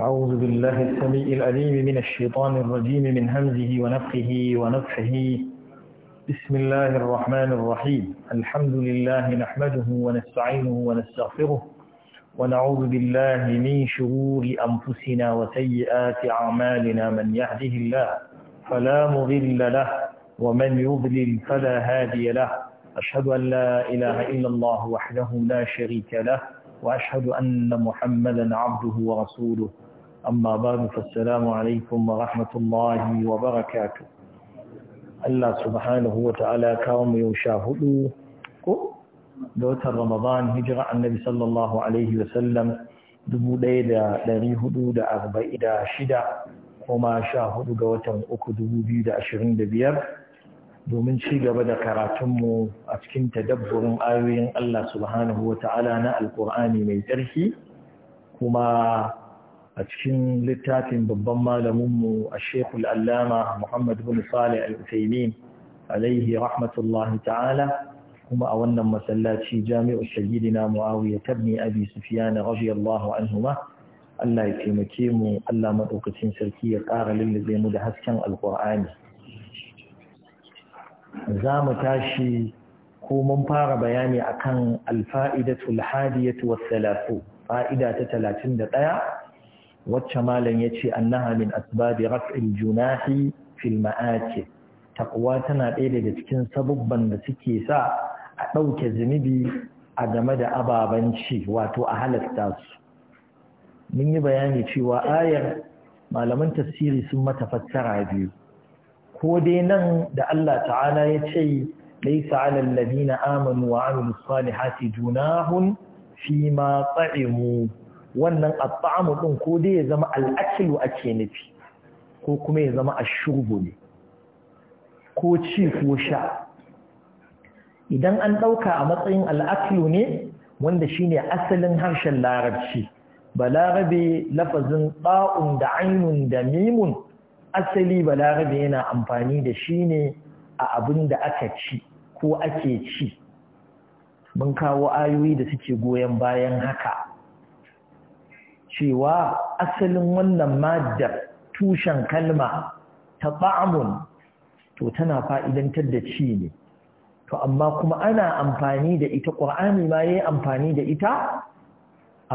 أعوذ بالله السميع العليم من الشيطان الرجيم من همزه ونفخه ونفحه بسم الله الرحمن الرحيم الحمد لله نحمده ونستعينه ونستغفره ونعوذ بالله من شرور أنفسنا وسيئات أعمالنا من يهده الله فلا مضل له ومن يضلل فلا هادي له أشهد أن لا إله إلا الله وحده لا شريك له وأشهد أن محمدا عبده ورسوله أما بعد فالسلام عليكم ورحمة الله وبركاته الله سبحانه وتعالى كرم يشاهده دوت رمضان هجرة النبي صلى الله عليه وسلم دبودي دا داري هدود أربعي دا شدة وما شاهد قوة أكدو بيد أشرين دبير domin ci gaba da karatunmu a cikin tadabburin ayoyin Allah subhanahu wa ta'ala na alkur'ani mai tsarki kuma a cikin littafin babban malaminmu a shekul allama Muhammad bin Salih al-Usaimin alaihi rahmatullahi ta'ala kuma a wannan masallaci jami'u shahidina muawiya tabni abi sufyan radiyallahu anhuma Allah ya taimake mu Allah maɗaukacin sarki ya ƙara lullube mu da hasken alkur'ani za mu tashi ko mun fara bayani akan alfa'idatul hadiyatu wasalatu fa'ida ta ɗaya? wacce malam ya ce annaha min asbabi raf'in junahi fil ma'aki taqwa tana ɗaya daga cikin sabubban da suke sa a ɗauke zunubi a game da ababanci wato a halasta su mun yi bayani cewa ayar malaman tafsiri sun mata fassara biyu ko dai nan da Allah ta'ala ya ce laisa alal ladina amanu wa amilus salihati junahun fi ma ta'imu wannan at'amu din ko dai ya zama al'aklu ake nufi ko kuma ya zama ashurbu ne ko ci ko sha idan an dauka a matsayin al'aklu ne wanda shine asalin harshen larabci balarabe lafazin ba'un da ainun da mimun asali balarabe yana amfani da shi ne a abin da aka ci ko ake ci mun kawo ayoyi da suke goyon bayan haka cewa asalin wannan maddar tushen kalma ta ba'amun to tana fa'idantar da ci ne to amma kuma ana amfani da ita ƙwar'ani ma ya amfani da ita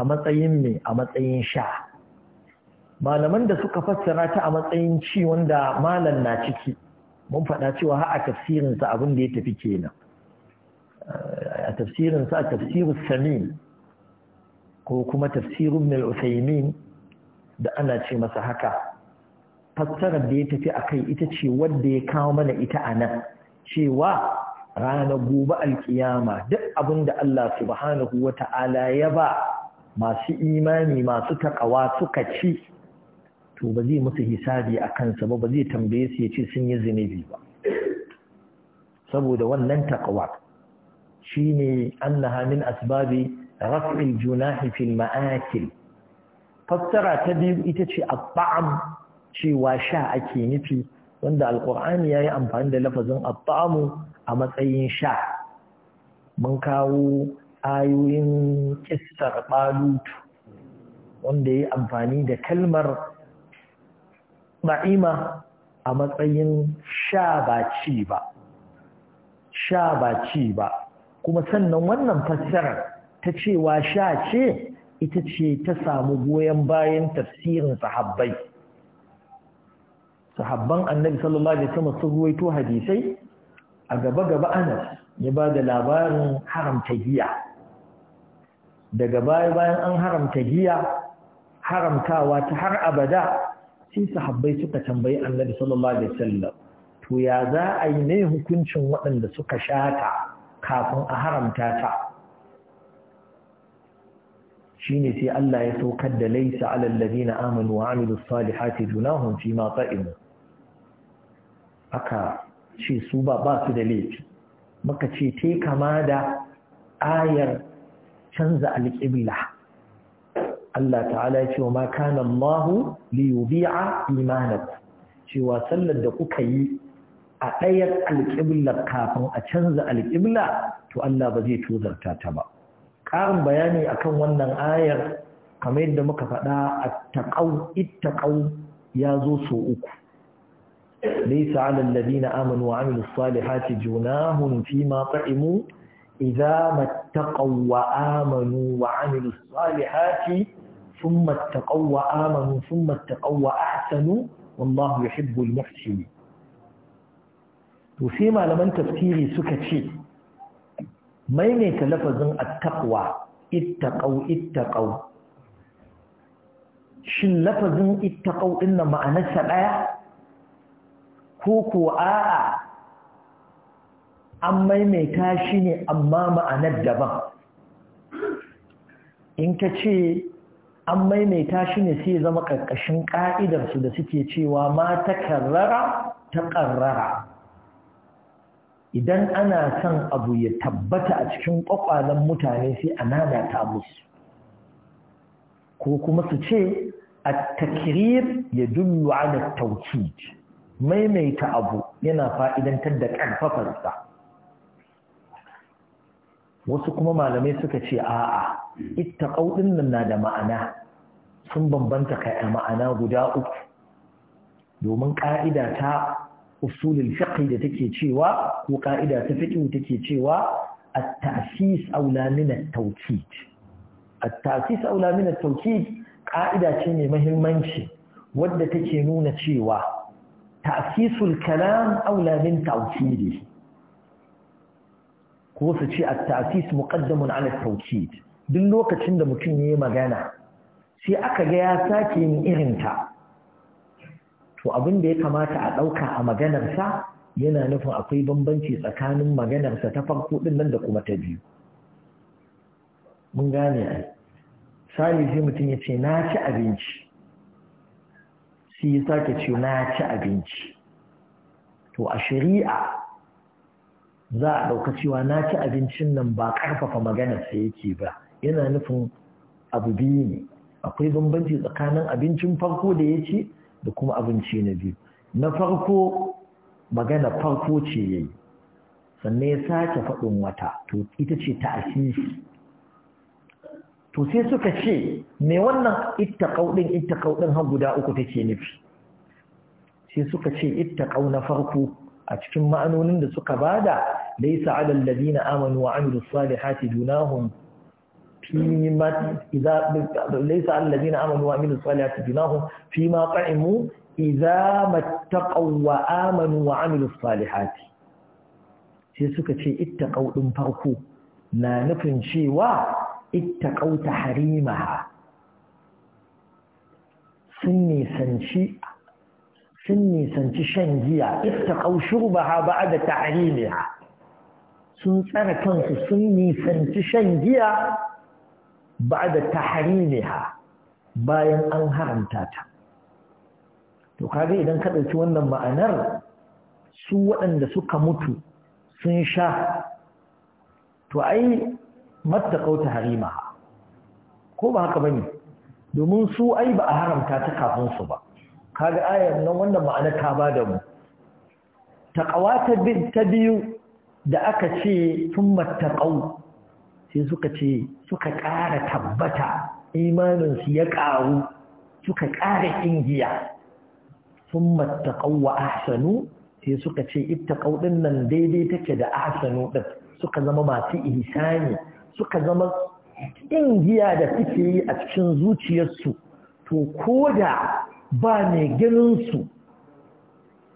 a matsayin mai a matsayin sha malaman da suka fassara ta a matsayin ci wanda malam na ciki mun faɗa cewa ha a tafsirinsa abin da ya tafi kenan eh, a tafsirinsa a tafsirin samin ko kuma tafsirin mai usaimin da ana ce masa haka fassarar da ya tafi a kai ita ce wanda ya kawo mana ita a nan cewa ranar gobe alkiyama duk abin da Allah subhanahu wa ta'ala ya ba masu imani masu takawa suka ci to ba zai musu hisabi a kansa ba ba zai tambaye su ya ce sun yi zunubi ba saboda wannan taqwa shine annaha min asbabi raf'il juna fil ma'akil fassara ta biyu ita ce a taam cewa sha ake nufi wanda ya yi amfani da lafazin abba'amu a matsayin sha mun kawo ayoyin kistar balutu wanda ya yi amfani da kalmar na'ima a matsayin sha ba ci ba sha ba ci ba kuma sannan wannan fassarar ta cewa sha ce ita ce ta samu goyon bayan tafsirin sahabbai sahabban annabi sallallahu alaihi wasallam sun ruwaito hadisai a gaba gaba Anas ya ba da labarin haramta giya daga baya bayan an haramta giya haramtawa ta har abada sai sahabbai suka tambayi annabi sallallahu alaihi wasallam to ya za a yi ne hukuncin waɗanda suka shata kafin a haramta ta shine sai Allah ya saukar da laisa alal ladina amanu wa amilus salihati junahum fi ma ta'im aka ce su ba ba su da laifi maka ce te kama da ayar canza alƙibla Allah ta'ala ya ce wa ma kana Allah li cewa sallar da kuka yi a ɗayar alƙiblar kafin a canza alƙibla to Allah ba zai tozarta ta ba ƙarin bayani akan wannan ayar kamar yadda muka faɗa attaqau ittaƙau ya zo so uku laysa 'alal amanu wa 'amilus salihati junahun ma ta'imu idza mattaqaw wa amanu wa 'amilus salihati ثم اتقوا وآمنوا ثم اتقوا وأحسنوا والله يحب المحسنين وسيما لمن تفسيري سكتشي ما ينيت لفظ التقوى اتقوا اتقوا shin lafazin ittaqau din nan ma'anarsa daya ko ko a'a an maimaita shi ne amma ma'anar daban in ka ce an maimaita shi ne sai zama ƙarƙashin ƙa'idarsu da suke cewa ma ta karrara ta ƙarrara idan ana son abu ya tabbata a cikin ƙwaƙwalen mutane sai a nanata musu ko kuma su ce a takirir ya dullu ala taukid maimaita abu yana fa'idantar da ƙarfafarsa wasu kuma malamai suka ce a'a ittaqau din na da ma'ana sun bambanta kai a ma'ana guda uku domin ka'ida ta usulul fiqh da take cewa ko ka'ida ta fiqh take cewa at-ta'sis aula min at-tawkid at-ta'sis aula min at-tawkid ka'ida ce mai muhimmanci wadda take nuna cewa ta'sisul kalam aula min tawkidihi ko su ce at-ta'sis muqaddamun ala at-tawkid duk lokacin da mutum ya yi magana sai aka ga ya sake yin irin ta, to abin da ya kamata a ɗauka a maganarsa yana nufin akwai bambanci tsakanin maganarsa ta farko ɗin nan da kuma ta biyu mun gane ai sali sai mutum ya ce na ci abinci sai ya sake ce na ci abinci to a shari'a za a ɗauka cewa na ci abincin nan ba ƙarfafa maganarsa yake ba yana nufin abu biyu ne akwai bambanci tsakanin abincin farko da ya ce da kuma abinci na biyu na farko magana farko ce ya yi sannan ya sake faɗin wata to ita ce ta asisi to sai suka ce me wannan ita ƙaudin, ita ƙaudin har guda uku take nufi sai suka ce ita ƙau na farko a cikin ma'anonin da suka bada laisa alal ladina amanu wa amilus salihati dunahum فيما إذا ليس على الذين آمنوا وعملوا الصالحات جناهم فيما طعموا إذا ما اتقوا وآمنوا وعملوا الصالحات sai suka ce ittaqau din farko na nufin cewa ittaqau tahrimaha sun nisanci sun nisanci shan giya ittaqau shurbaha ba'da tahrimiha sun tsara kansu sun nisanci shan giya Ba da tahrimiha bayan an haramta ta to kaga idan ka dauki wannan ma'anar su waɗanda suka mutu sun sha to ai mattaqau Harimaha. ko ba haka bane domin su ai ba a haramta ta kafin su ba kaga ayar nan wannan ma'ana ta ba da mu taqwa ta biyu da aka ce thumma taqaw sai suka ce suka ƙara tabbata imaninsu ya ƙaru suka ƙara ingiya sun mattaƙauwa ahsanu sai suka ce ita ɗin nan daidai take da ahsanu ɗin suka zama masu ihsani suka zama ingiya da suke yi a cikin zuciyarsu to ko da ba mai ganinsu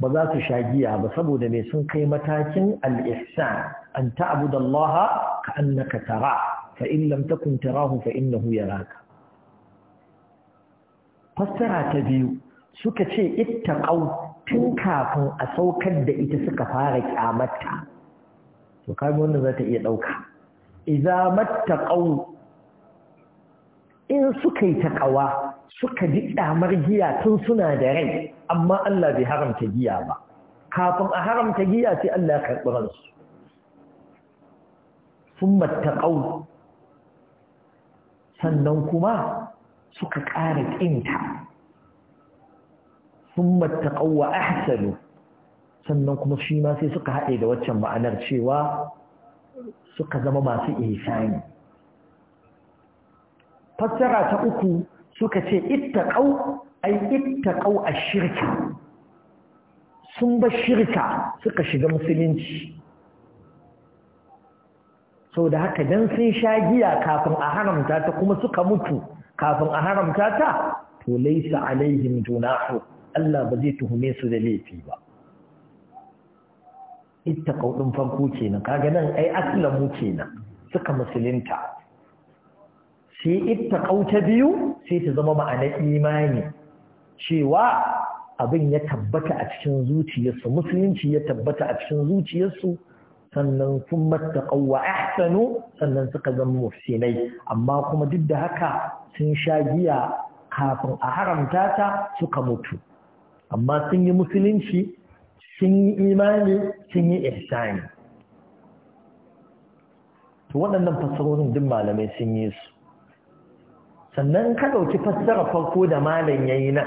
ba za su sha giya ba saboda mai sun kai matakin ihsan an ta'budallaha ka'annaka tara fa in lam tarahu fa innahu yaraka fassara ta biyu suka ce ittaqau tun kafin a saukar da ita suka fara ƙyamata. to kai wannan za ta iya dauka idza mattaqau in suka yi taqawa suka ji damar giya tun suna da rai amma Allah bai haramta giya ba kafin a haramta giya sai Allah ya karɓi ransu sun mattaƙau sannan kuma suka ƙara ƙinta sun mattaƙau wa ahsanu sannan kuma shi ma sai suka haɗe da waccan ma'anar cewa suka zama masu ihsani fassara ta uku suka ce ittaqau ay ittaqau ash-shirka sun ba shirka suka shiga musulunci sau da haka don sun sha giya kafin a haramta ta kuma suka mutu kafin a haramta ta to laisa alaihim junahu Allah ba zai tuhume su da laifi ba Ita kaudin farko kenan kaga nan ai aslamu kenan suka musulunta sai ita ta biyu sai ta zama ma'anar imani cewa abin ya tabbata a cikin zuciyarsu musulunci ya tabbata a cikin zuciyarsu sannan sun mattaƙau ƙauwa ahsanu sannan suka zama mufsinai amma kuma duk da haka sun sha giya kafin a haramta ta suka mutu amma sun yi musulunci sun yi imani sun yi ihsani to waɗannan fassarorin duk malamai sun yi su sannan ka ɗauki fassara farko da malam ya yi nan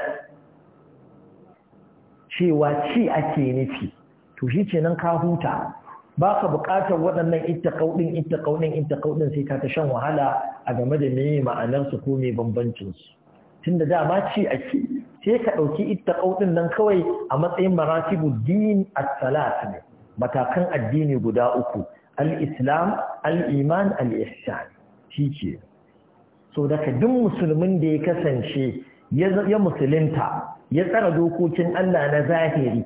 cewa ci ake nufi to shi ce nan ka huta ba ka buƙatar waɗannan ittaqaudin ita ittaqaudin sai ka ta shan wahala a game da meye ma'anar su ko mai bambancin su tunda dama ci ake sai ka ɗauki ittaqaudin nan kawai a matsayin maratibu din as-salat ne matakan addini guda uku al-islam al-iman al-ihsan shike so daga duk musulmin da ya kasance ya musulunta ya tsara dokokin Allah na zahiri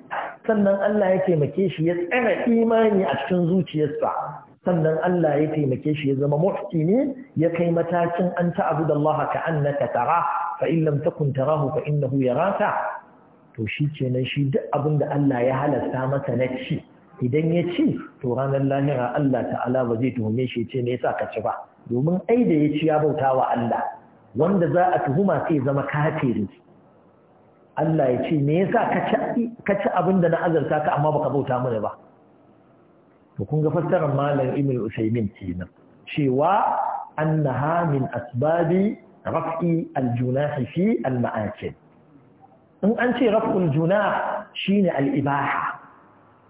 sannan Allah ya taimake shi ya tsara imani a cikin zuciyarsa sannan Allah ya taimake shi ya zama ne ya kai matakin an ta'budu Allah ka annaka tara fa in lam takun tarahu fa innahu yaraka to shi kenan shi duk abin da Allah ya halasta masa na ci idan ya ci to ranar lahira Allah ta'ala ba zai tuhume shi ce me yasa ka ci ba domin ai da ya ci ya bauta wa Allah wanda za a tuhuma sai zama kafiri Allah ya ce me yasa ka ci da na azarta ka amma baka bauta mana ba to kun ga fassarar malam Ibn Usaymin kenan cewa annaha min asbabi raf'i al-junah fi in an ce rafi junah shine al'ibaha.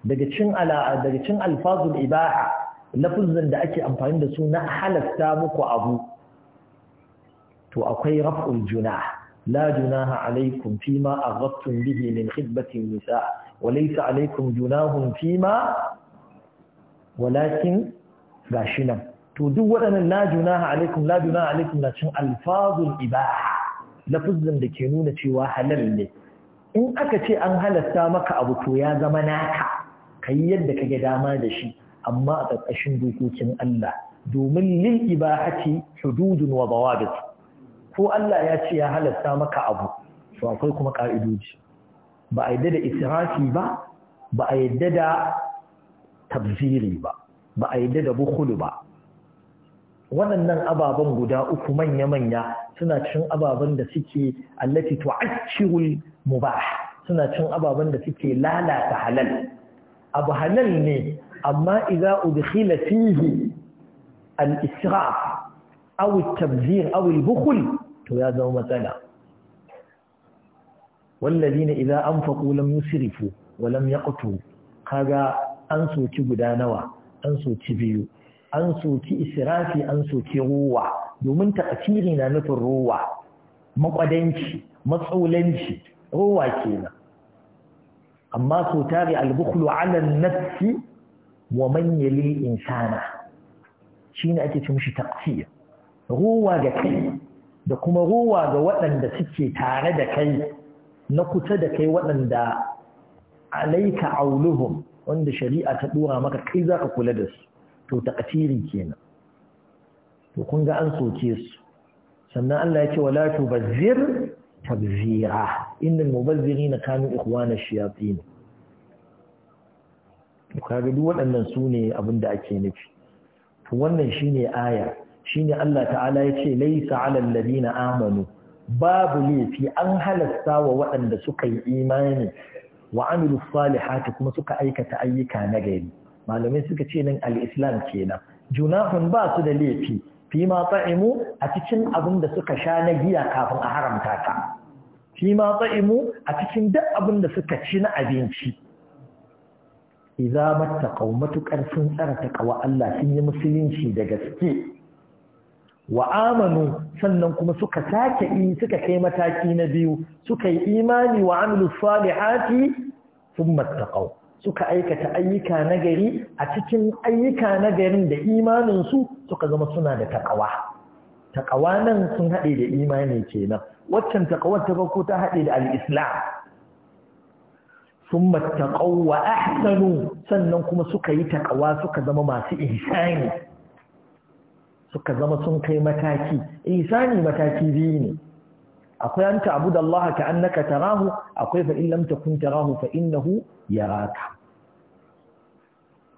daga cin ala daga cin alfazul ibaha lafuzin da ake amfani da su na halasta muku abu to akwai raf'ul junah لا جناح عليكم فيما أغضتم به من خدمة النساء وليس عليكم جناح فيما ولكن غاشنا to duk waɗannan na alaikum na cin alfazul ibaha lafuzin da ke nuna cewa halal ne in aka ce an halarta maka abu to ya zama naka ka yi yadda kage dama da shi amma a ƙarƙashin dokokin Allah domin lil ibahati hududun wa dawabit ko Allah ya ce ya halatta maka abu to akwai kuma ka'idoji ba a yadda da israfi ba ba a yadda da tabziri ba ba a yadda da bukulu ba waɗannan ababen guda uku manya-manya suna cin ababen da suke allati tu'accirul mubah suna cin ababen da suke lalata halal abu halal ne amma iza udkhila fihi al-israf aw at-tabzir aw al-bukhl to ya zama matsala wallazina idza anfaqu lam yusrifu wa lam yaqtu kaga an soki guda nawa an soki biyu an soki israfi an soki ruwa domin takasiri na nufin ruwa makwadanci matsaulanci ruwa kenan amma so tare albukhlu ala nafsi wa man yali insana shine ake ce mishi taqsir ruwa ga kai da kuma ruwa ga waɗanda suke tare da kai na kusa da kai waɗanda alaika auluhum wanda shari'a ta dora maka kai zaka kula da su to takatiri kenan to kun ga an soke su sannan Allah ya ce wala tubazzir tabzira innal mubazzirina kanu ikhwana shayatin to kaga duk waɗannan su ne abin ake nufi to wannan shine aya shine Allah ta'ala ya ce laisa alal ladina amanu babu laifi an halasta wa waɗanda suka yi imani wa amilu salihati kuma suka aikata ayyuka na gari malamai suka ce nan al-islam kenan junahun ba su da laifi fi ma ta'imu a cikin abin da suka sha na giya kafin a haramta ta fi ma ta'imu a cikin duk abin da suka ci na abinci idza mattaqaw matuƙar sun tsara taqwa Allah sun yi musulunci da gaske wa amanu sannan kuma suka sake yi suka kai mataki na biyu suka yi imani wa amilu salihati thumma taqaw suka aikata ayyuka nagari a cikin ayyuka nagarin da imanin su suka zama suna da taqwa taqwa nan sun hade da imani kenan waccan taqwar ta farko ta hade da al-islam thumma taqaw wa ahsanu sannan kuma suka yi taqwa suka zama masu ihsani suka zama sun kai mataki sani mataki biyu ne akwai an ta'budu Allah ka tarahu akwai fa in tarahu fa ya raka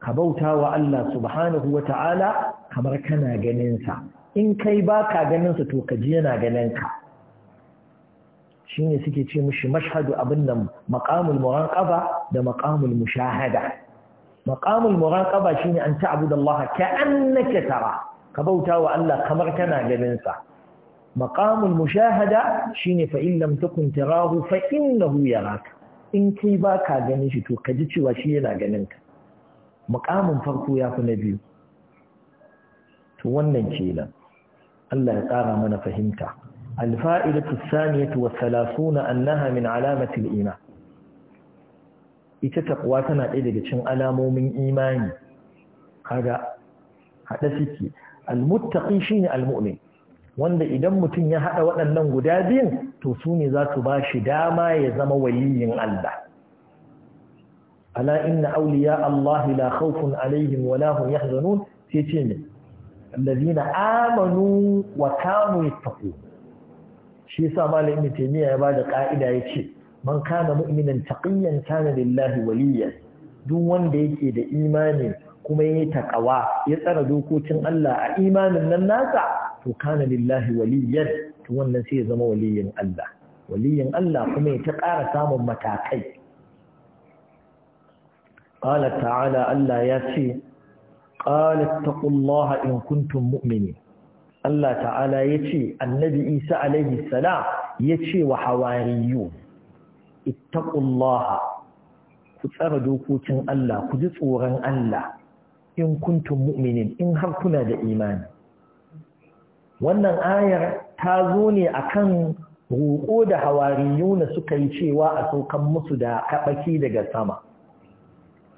ka bauta wa Allah subhanahu wa ta'ala kamar kana ganinsa, in kai baka ganinsa to ka ji yana ganin ka ne suke ce mushi mashhadu abin nan maqamul muraqaba da maqamul mushahada maqamul muraqaba shine an ta'budu Allah ka annaka tarahu ka bauta wa Allah kamar kana ganinsa. sa maqamul mushahada shine fa in lam takun tarahu fa innahu yaraka in kai baka ganin shi to ka ji cewa shi yana ganin ka maqamin farko ya fi na biyu to wannan kenan Allah ya tsara mana fahimta alfa'idatu thaniyatu wa 30 annaha min alamati al-iman ita takwa tana ɗaya daga cikin alamomin imani kaga haɗa siki. almuttaqi shine almu'min wanda idan mutum ya haɗa waɗannan guda biyun to su ne za su ba shi dama ya zama waliyin Allah ala inna awliya Allah la khawfun alaihim wa la hum yahzanun sai ce ne allazina amanu wa kanu yattaqun shi yasa malam ibn taymiya ya bada ka'ida yace man kana mu'minan taqiyan kana lillahi waliyan duk wanda yake da imani kuma yayi taqawa ya tsara dokokin Allah a imanin nan nasa to kana lillahi waliyyan to wannan ya zama waliyin Allah waliyin Allah kuma ya ta ƙara samun matakai qala ta'ala Allah ya ce qala taqullaha in kuntum mu'minin Allah ta'ala ya ce annabi Isa alaihi salam ya ce wa hawariyu ittaqullaha ku tsara dokokin Allah ku ji tsoron Allah in kuntum mu'minin in har kuna da imani wannan ayar ta zo ne akan roƙo da hawariyuna suka yi cewa a saukan musu da kabaki daga sama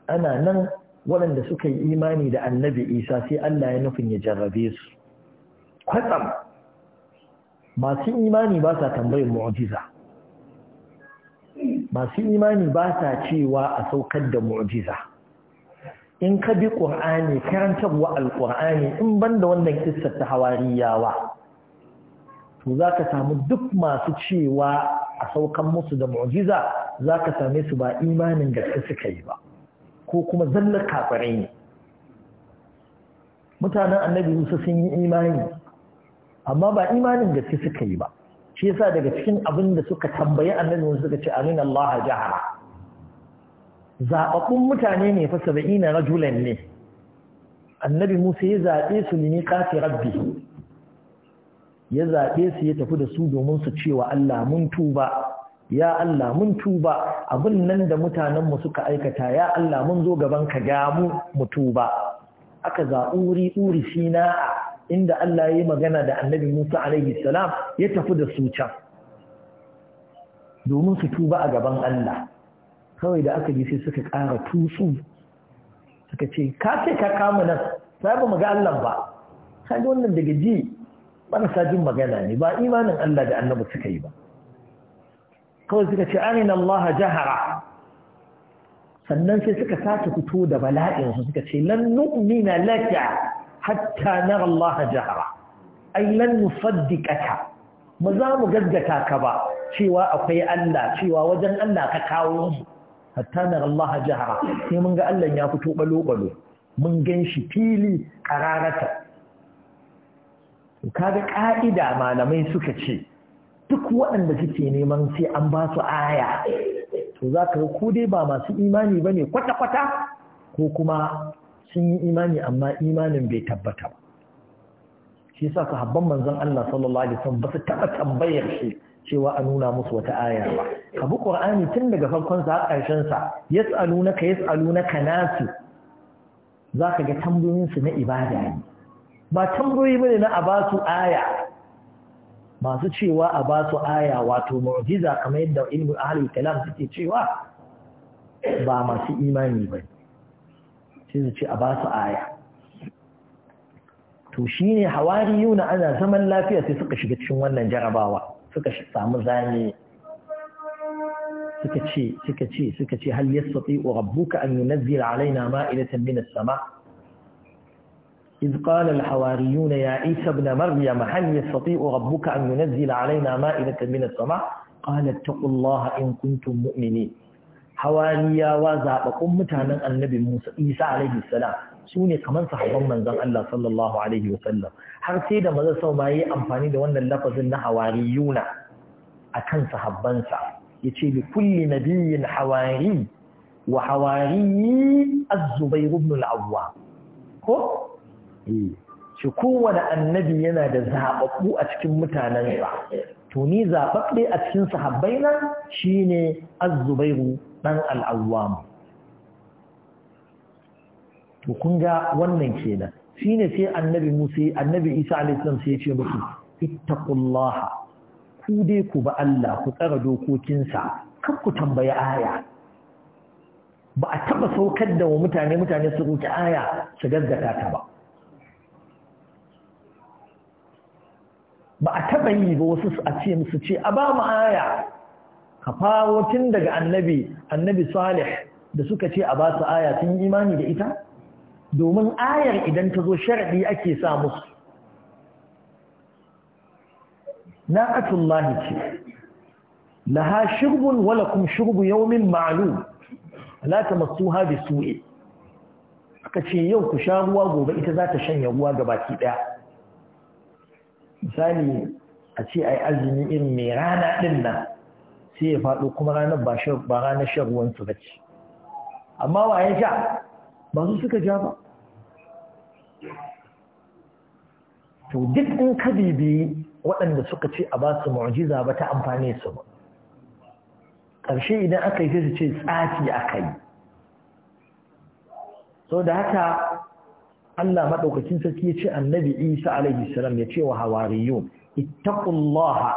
ana nan waɗanda suka yi imani da annabi isa sai allah ya nufin ya jarrabe su kwatsam masu imani ba sa tambayin mu'jiza masu imani ba sa cewa a saukar da mu'jiza in ka bi ƙur'ani karantarwa alƙur'ani in banda wannan kissar ta hawariyawa to za ka samu duk masu cewa a saukan musu da mu'jiza za ka same su ba imanin gaske suka yi ba ko kuma zallar kafirai ne mutanen annabi musu sun yi imani amma ba imanin gaske suka yi ba shi yasa daga cikin abin da suka tambayi annabi suka ce amin Allah jahara zaɓaɓɓun mutane ne fa na rajulan ne annabi musa ya zaɓe su ne kafi rabbi ya zaɓe su ya tafi da su domin su cewa Allah mun tuba ya Allah mun tuba abin nan da mutanenmu suka aikata ya Allah mun zo gaban ka gamu mu tuba aka zaɓi wuri tsuri sina'a inda Allah ya yi magana da annabi Musa alaihi salam ya tafi da su can domin su tuba a gaban Allah kawai da aka yi sai suka ƙara tutsu suka ce ka ce ka kama nan sai ba mu ga Allah ba ka ji wannan daga ji marasa jin magana ne ba imanin Allah da annabi suka yi ba kawai suka ce amin Allah jahara sannan sai suka sace fito da bala'in su suka ce lan nu'mina laka hatta nara Allah jahara ai lan nusaddiqaka ba za mu gaggata ka ba cewa akwai Allah cewa wajen Allah ka kawo mu hatta na Allah jahara sai mun ga Allah ya fito balo-balo mun gan shi fili kararata kaga ka'ida malamai suka ce duk waɗanda suke neman sai an ba su aya to za ka ko dai ba masu imani ba ne kwata-kwata ko kuma sun yi imani amma imanin bai tabbata ba shi sa ka habban manzon Allah sallallahu alaihi wasallam ba su taɓa tambayar shi cewa a nuna musu wata aya ba ka bi qur'ani tun daga farkon sa har ƙarshen sa yas'alunaka ka nasu Za ka ga tambayoyin su na ibada ne ba tambayoyi bane na abasu aya masu cewa a ba su aya wato mu'jiza kamar yadda ilmu ahlul kalam suke cewa ba masu imani ba sai su ce a ba aya to shine na ana zaman lafiya sai suka shiga cikin wannan jarabawa suka samu zane suka ce suka ce suka ce hal yastati'u rabbuka an yunzila alaina ma'idatan min as-sama إذ قال الحواريون يا عيسى ابن مريم هل يستطيع ربك أن ينزل علينا مائدة من السماء قال اتقوا الله إن كنتم مؤمنين حواريا وزعبكم متانا النبي موسى عيسى عليه السلام su ne kamar sahabban manzon Allah sallallahu alaihi har sai da manzon sau ma yi amfani da wannan lafazin na hawariyuna akan sahabbansa yace li kulli nabiyyin hawari wa hawari az-zubair ibn al-awwam ko eh. shi kowane annabi yana da zaɓaɓɓu a cikin mutanensa to ni zaɓaɓɓe a cikin sahabbaina shine az-zubair dan al-awwam to kun wannan kenan Shi ne sai annabi Musa annabi Isa alaihi salam sai ya ce musu ittaqullaha ku dai ku ba Allah ku tsara dokokinsa kar ku tambayi aya ba a taba saukar da wa mutane mutane su roki aya su gaggata ta ba ba a taba yi ba wasu a ce musu ce a ba mu aya ka fawo tun daga annabi annabi salih da suka ce a ba su aya sun yi imani da ita domin ayar idan ta zo sharaɗi ake sa musu Na na'atullahi ce laha shirbun walakum shirbu yawmin ma'lum la tamassuha bi su'i aka ce yau ku sha ruwa gobe ita za ta shanya ruwa baki ɗaya. misali a ce ai azumi irin mai rana ɗin nan sai ya faɗo kuma ranar ba ranar shan ruwan su bace amma ya sha ba su suka ja ba to duk in ka bibi waɗanda suka ce a ba su mu'jiza ba ta amfane su ba ƙarshe idan aka yi su ce tsafi aka yi so da haka Allah maɗaukacin sarki ya ce annabi Isa alaihi salam ya ce wa hawariyun ittaqullaha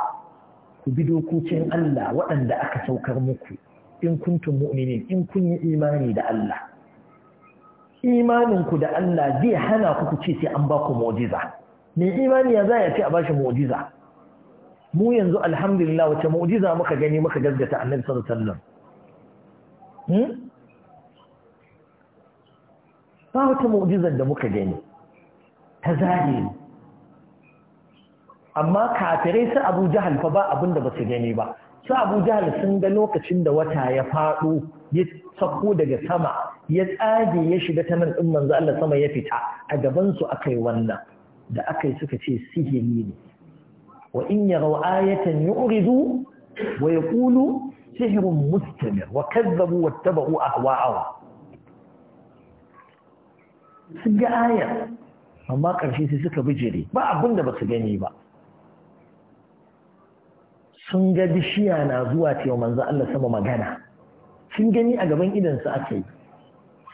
ku bi dokokin Allah waɗanda aka saukar muku in kuntum mu'minin in kun yi imani da Allah imaninku da Allah zai hana ku ce sai an ba ku mu'jiza mai imani ya za ya ce a bashi mu'jiza mu yanzu alhamdulillah wace mu'jiza muka gani muka gaskata annabi sallallahu alaihi wasallam hmm? ba wata mu'jizar da muka gani ta zahiri amma kafirai sa Abu Jahal fa ba abin da ba su gani ba Sa Abu Jahal sun ga lokacin da wata ya faɗo ya sako daga sama ya tsage ya shiga ta nan ɗin manzo Allah sama ya fita a gaban su akai wannan da akai suka ce sihiri ne wa in yaraw ayatan uridu wa yaqulu sihirin mustamir wa kazzabu wattaba'u ahwa'ahum sun ga ayar amma ƙarshe sai suka bijire ba abin da ba su gani ba sun ga bishiya na zuwa cewa manzan Allah sama magana sun gani a gaban idansu aka yi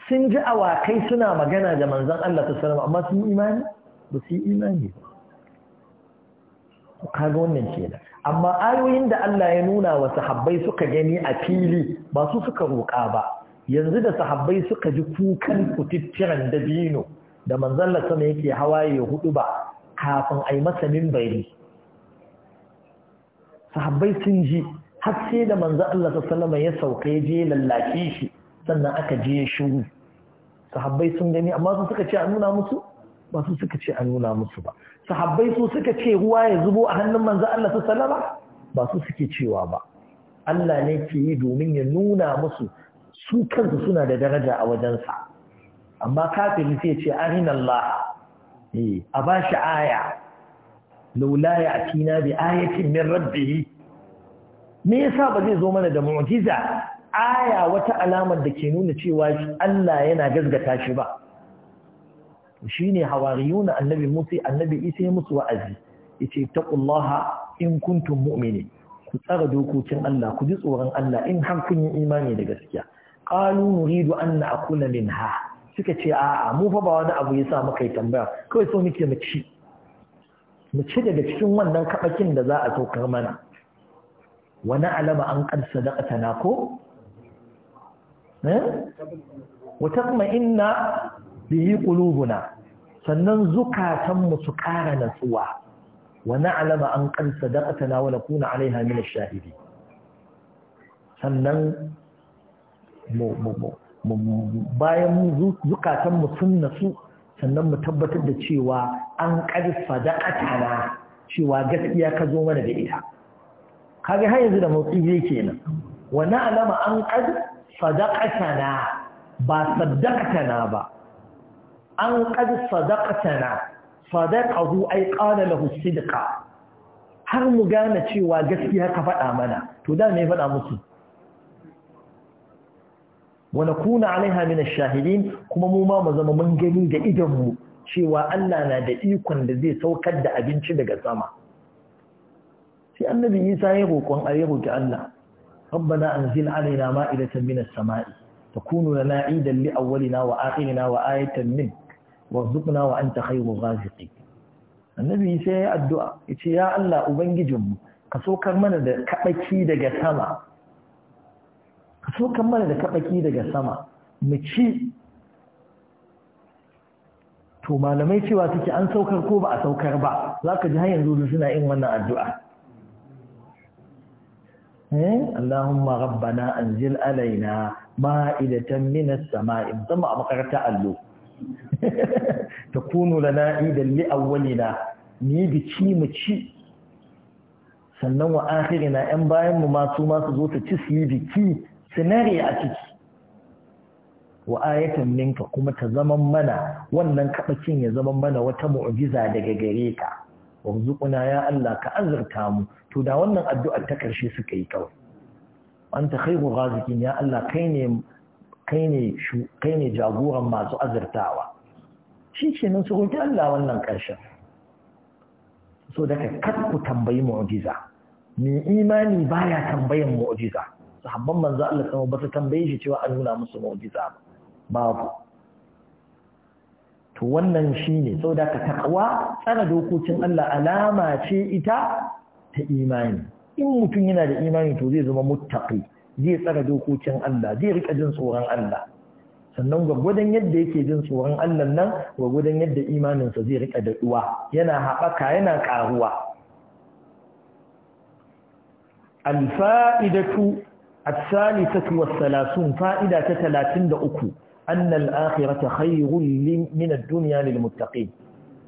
sun ji awakai suna magana da manzan Allah ta sarama amma sun imani ba su yi imani ba ga wannan ke da amma ayoyin da Allah ya nuna wa sahabbai suka gani a fili ba su suka roƙa ba yanzu da sahabbai suka ji kukan kututturan dabino da manzan Allah sama yake hawaye hudu ba kafin a yi masa mimbari sahabbai sun ji har sai da manzo Allah sallallahu ya sauka ya je lallace shi sannan aka je shuru sahabbai sun gani amma su suka ce a nuna musu ba su suka ce a nuna musu ba sahabbai su suka ce ruwa ya zubo a hannun manzo Allah sallallahu ba su suke cewa ba Allah ne ke yi domin ya nuna musu su kansu suna da daraja a wajensa amma kafiri sai ce arina Allah eh, a ba shi aya laula ya atina bi ayatin min rabbihi me yasa ba zai zo mana da mu'jiza aya wata alamar da ke nuna cewa Allah yana gazgata shi ba shine hawariyuna annabi Musa annabi Isa ya musu wa'azi yace taqullaha in kuntum mumini ku tsara dokokin Allah ku ji tsoron Allah in har kun yi imani da gaskiya qalu nuridu an na'kula minha suka ce a'a mu fa ba wani abu yasa muka yi tambaya kawai so muke mu ci mu ci daga cikin wannan kabakin da za a saukar mana wani alama an ƙarsa da ƙatana ko? Eh? wata kuma inna da yi ƙulubuna sannan zukatanmu su ƙara natsuwa wani alama an ƙarsa da ƙatana wani kuna alaiha mina shahidi sannan bayan zukatanmu sun natsu sannan mu tabbatar da cewa an ƙarsa da ƙatana cewa gaskiya ka zo mana da ita kaga har yanzu da motsi ke kenan wa na'lama an qad sadaqatana ba sadaqatana ba an qad sadaqatana sadaqahu ay qala lahu sidqa har mu gane cewa gaskiya ka faɗa mana to da me faɗa musu wa nakuna alaiha min ash-shahidin kuma mu ma mu zama mun gani da idan mu cewa Allah na da ikon da zai saukar da abinci daga sama sai annabi isa ya roƙon a ya roƙi Allah rabbana anzil alaina ma'idatan as sama'i takunu lana idan li awwalina wa akhirina wa ayatan min warzuqna wa anta khayru ghaziqin annabi isa ya addu'a yace ya Allah ubangijinmu ka sokar mana da kabaki daga sama ka sokar mana da kabaki daga sama mu ci to malamai cewa take an saukar ko ba a saukar ba za ka ji har yanzu suna yin wannan addu'a اللهم ربنا أنزل علينا مائدة من السماء ثم أمقرة ألو تكون لنا عيدا لأولنا نيجي تشي متشي sannan wa akhirina ‘yan bayanmu masu masu zo ta ci su yi biki sinari a ciki wa ayatan kuma ta zaman mana wannan kaɓakin ya zaman mana wata mu'ujiza daga gare ka warzuquna ya Allah ka azurta mu to da wannan addu'ar ta karshe suka yi kawai anta khairu ghazikin ya Allah kai ne kai ne kai ne jagoran masu azurtawa shi ce nan su roki Allah wannan karshe so daga kar ku tambayi mu'jiza ni imani baya tambayan mu'jiza sahabban manzo Allah sama ba su tambaye shi cewa an nuna musu mu'jiza ba babu to wannan shine da ka taqwa tsara dokokin Allah alama ce ita ta imani in mutum yana da imani to zai zama mutaƙi zai tsara dokokin Allah zai rika jin tsoron Allah sannan gwagwadon yadda yake jin tsoron Allah nan gwagwadon yadda imaninsa zai rika daɗuwa yana haɓaka yana ƙaruwa alfa'idatu as-salisatu was-salasun fa'ida ta 33 أن الآخرة خير من duniya, للمتقين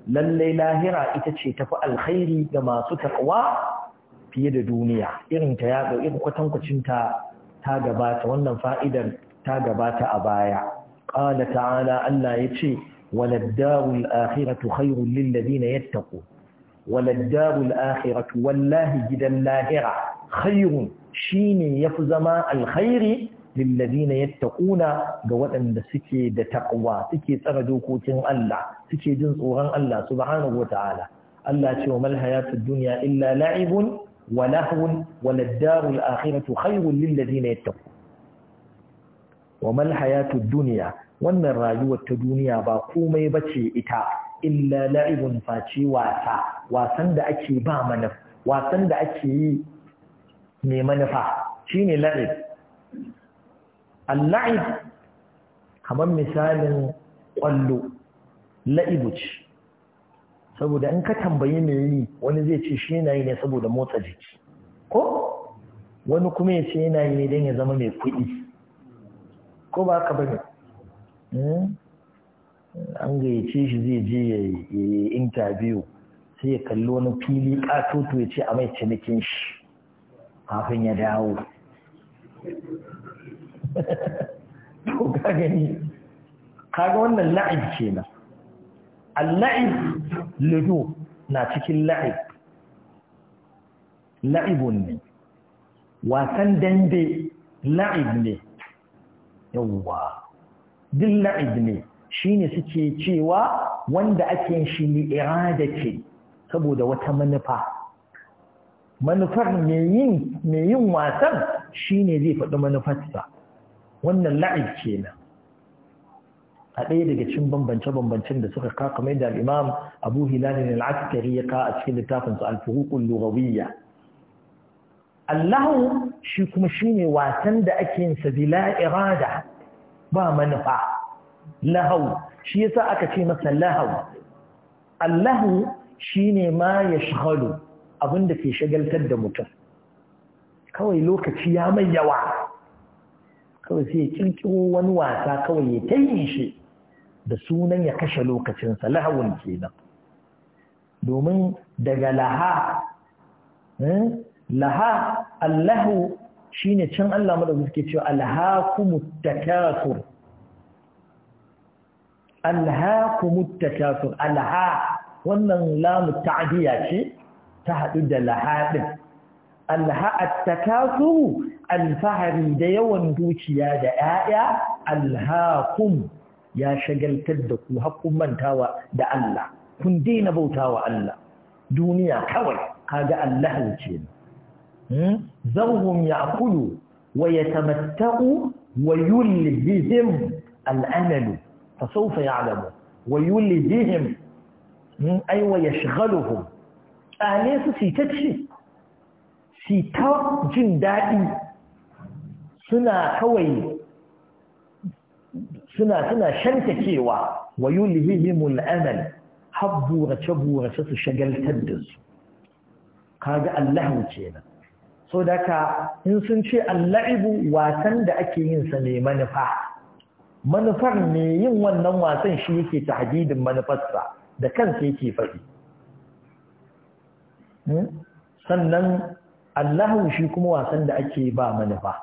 lallai lahira ita ce tafi alkhairi ga masu takwa fiye da duniya Irinta ta ya irin kwatankwacin ta ta gabata wannan fa'idar ta gabata a baya qala ta'ala Allah ya yace waladdarul akhiratu khairul lil ladina yattaqu waladdarul akhiratu wallahi gidan lahira khairun shine yafi zama alkhairi lillazina ga waɗanda suke da taqwa suke tsara dokokin Allah suke jin tsoron Allah subhanahu wata'ala Allah ce wa mal hayatud dunya illa la'ibun wa lahwun wa lad-darul akhiratu khayrun lillazina yattaqun wa mal hayatud wannan rayuwar ta duniya ba komai bace ita illa la'ibun face wasa wasan da ake wasan da ake yi mai manufa shine la'ib اللعب kamar misalin ƙwallo la'ibu ce saboda in ka tambayi mai yi wani zai ce shi yana yi ne saboda motsa jiki ko wani kuma ya ce yana yi ne don ya zama mai kuɗi ko ba ka bane hmm? an gayyace shi zai je ya yi intabiyu sai ya kalli wani fili ƙatoto ya ce a mai cinikin shi kafin ya dawo ka kaga wannan la'ib kenan al-la'ib ludo na cikin la'ib la'ibun ne wasan dambe la'ib ne yawwa duk la'ib ne shine suke cewa wanda ake yin shi ni irada ce saboda wata manufa manufar mai yin wasan shine zai faɗi manufarsa wannan la'ib kenan a ɗaya daga cikin bambance-bambancen da suka kaka mai da imam abu hilalin al'askari ya ka a cikin littafin su alfuhukun lugawiyya allahu shi kuma shine wasan da ake yin sa bila irada ba manufa lahau shi yasa aka ce masa lahau allahu shi ne ma ya shagalu abinda ke shagaltar da mutum kawai lokaci ya mai yawa kawai sai ya kirkiro wani wasa kawai ya tayi shi da sunan ya kashe lokacinsa lahawun kenan domin daga laha eh, laha allahu shine can Allah madawi suke cewa alhaakumut takasur alhaakumut takasur alha wannan lamu ta'diya ce ta hadu da laha التكاثر الفهر ديوان دوشيا دعايا الهاكم يا شجل تدك وهاكم من تاوى دع الله كن دين ابو تاوى الله دنيا كوي هذا الله الجن ذرهم يأكلوا ويتمتعوا ويلبهم الأمل فسوف يعلموا ويلبهم أي ويشغلهم أهلية ستتشف si ta jin daɗi suna kawai suna suna shanta cewa wa yulhihimul amal habbu race burace su shagaltar da su kaga wuce na. so daka in sun ce ibu wasan da ake yin sa ne manufa manufar ne yin wannan wasan shi yake tahdidin manufarsa da kansa yake faɗi hmm? sannan Allahu shi kuma wasan da ake ba manufa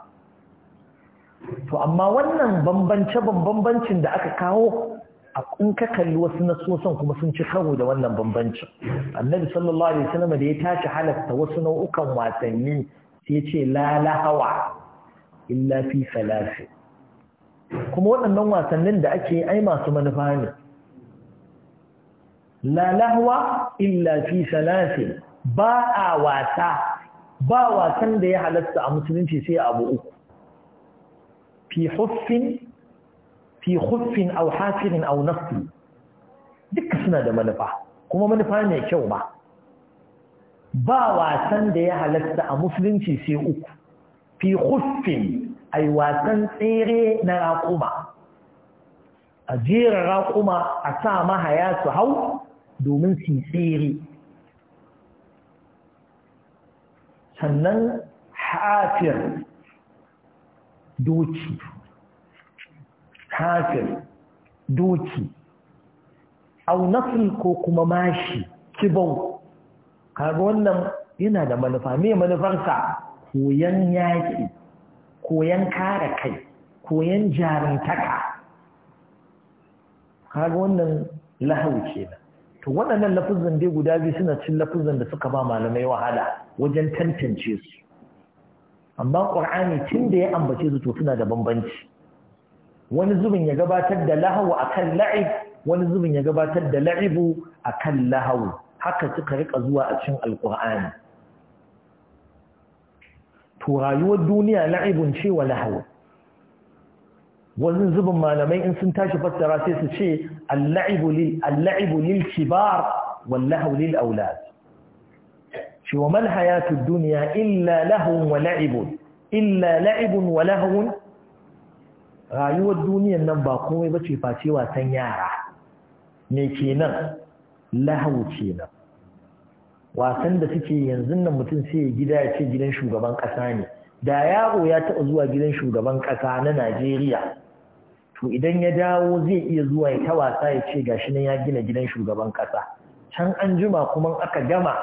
to amma wannan bambance bambancin da aka kawo a ka kalli wasu nasosan kuma sun ci karo da wannan bambancin annabi sallallahu alaihi wasallam da ya tashi halatta wasu nau'ukan wasanni sai ce la illa fi salafi kuma waɗannan wasannin da ake ai masu manufa ne la illa fi salafi ba a wasa ba wasan da ya halasta a musulunci sai abu uku fi huffin fi huffin aw hafirin aw nafsi duka suna da manufa kuma manufa mai kyau ba ba wasan da ya halasta a musulunci sai uku fi huffin ai wasan tsere na raƙuma a jera raƙuma a sa mahaya su hau domin su tsere sannan hafir doki hafir doki aunafin ko kuma mashi kibau kaga wannan yana da manufa mai manufarsa koyan yaƙi koyan kare kai koyan jarumtaka kaga wannan lahau kenan to waɗannan lafuzan dai guda biyu suna cin lafuzan da suka ba malamai wahala wajen tantance su amma ƙur'ani tun da ya ambace su to suna da bambanci wani zubin ya gabatar da lahawu kan la'ib wani zubin ya gabatar da la'ibu kan lahawu haka suka rika zuwa a cikin alƙur'ani to rayuwar duniya la'ibun ce wa lahawu wani zubin malamai in sun tashi fassara sai su ce alla'ibu lil lil kibar wallahu lil aulad shi wa mal hayatud dunya illa lahun wa la'ibun illa la'ibun wa lahun rayuwar duniyar nan ba komai ce face wasan yara me kenan lahu kenan wasan da suke yanzu nan mutum sai ya gida ya ce gidan shugaban kasa ne da yaro ya taɓa zuwa gidan shugaban ƙasa na Najeriya to idan ya dawo zai iya zuwa ya tawasa ya ce gashi nan ya gina gidan shugaban kasa can an jima kuma aka gama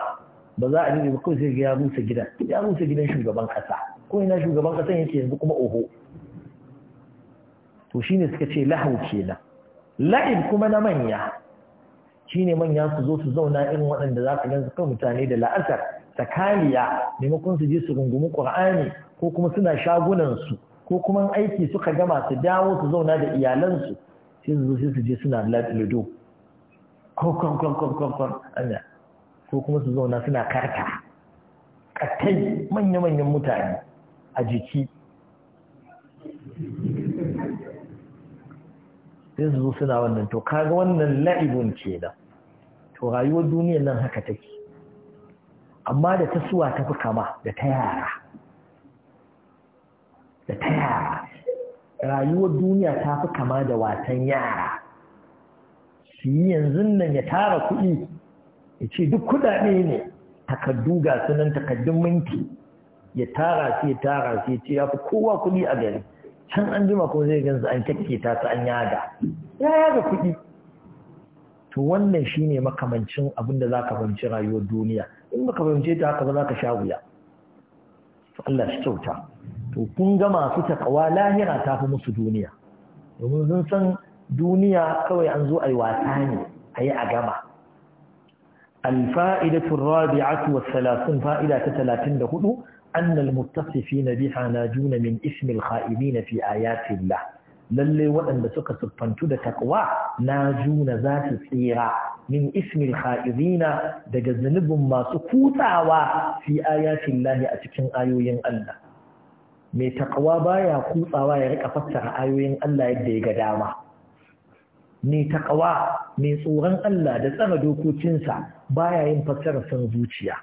ba za a yi ba kawai sai ya rusa gidan ya rusa gidan shugaban kasa ko ina shugaban kasan yake yanzu kuma oho to shine suka ce lahu kenan la'ib kuma na manya shine manya su zo su zauna irin waɗanda za ka gansu kan mutane da la'asar tsakaniya, maimakon su je su rungumi ƙur'ani ko kuma suna shagunan su ko kuma aiki suka gama su dawo su zauna da iyalansu sai su zo sai su je suna lado kwan kwan kwan kwan kwan anya ko kuma su zauna suna karta kattai manya-manyan mutane a jiki sai su zo suna wannan to kaga wannan la'ibun ce da to rayuwar duniyar nan haka take amma da ta suwa ta fi kama da ta yara da ta yara rayuwar duniya ta fi kama da watan yara su yi yanzu nan ya tara kuɗi ya ce duk kuɗaɗe ne Takardu ga sunan takardun minti ya tara su ya tara su ya ce ya fi kowa kuɗi a gari can an jima kuma zai gansu an kyakke ta su an yada, ya yaga kuɗi to wannan shine makamancin abin da za ka fahimci rayuwar duniya in baka fahimce ta haka ba za ka sha wuya Allah shi kyauta to kun ga masu takawa lahira ta fi musu duniya domin sun san duniya kawai an zo a yi wasa ne a yi a gama alfa'idatun rabi'atu wa salasun fa'ida ta talatin da hudu annal muttasifi na biha na juna min ismil kha'imi na fi ayatillah lalle waɗanda suka siffantu da takwa na juna za su tsira min ismil kha'izina daga zunubin masu kutsawa fi ayatin lahi a cikin ayoyin Allah mai taƙawa baya kutsawa ya rika fassara ayoyin Allah yadda ya ga dama mai takawa mai tsoron Allah da tsara dokokinsa baya yin fassara san zuciya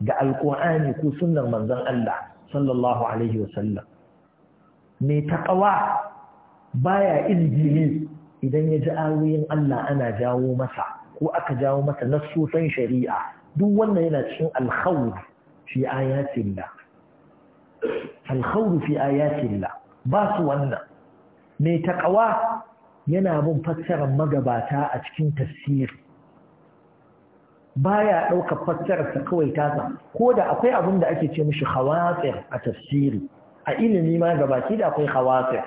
da alƙur'ani ko sunnar manzon Allah sallallahu alaihi wasallam mai taƙawa baya izgili idan ya ji ayoyin Allah ana jawo masa ko aka jawo masa nassosan shari'a duk wannan yana cikin alkhawf fi ayatin alkhawru fi ayatillah ba su wannan mai taqwa yana bin fassarar magabata a cikin tafsiri baya ɗaukar fassararsa kawai tasa ko da akwai abin da ake ce mishi khawatir a tafsiri a ilimi ma gabaki da akwai khawatir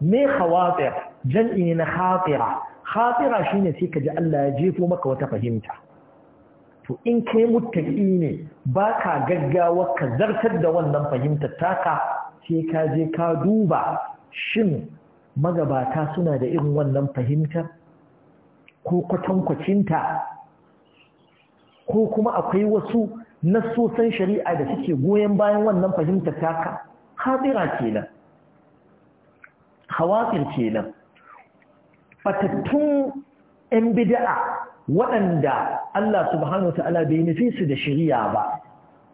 me khawatir jan'i na khatira khatira shine sai ka ji Allah ya jefo maka wata fahimta to in kai muttaki ne ba ka gaggawa ka zartar da wannan fahimtar taka sai ka je ka duba shin magabata suna da irin wannan fahimtar ko kwatankwacinta ko kuma akwai wasu nasosan shari'a da suke goyon bayan wannan fahimtar taka hatsira kenan ke kenan fatattun 'yan bida'a waɗanda Allah subhanahu wa ta'ala bai nufi su da shirya ba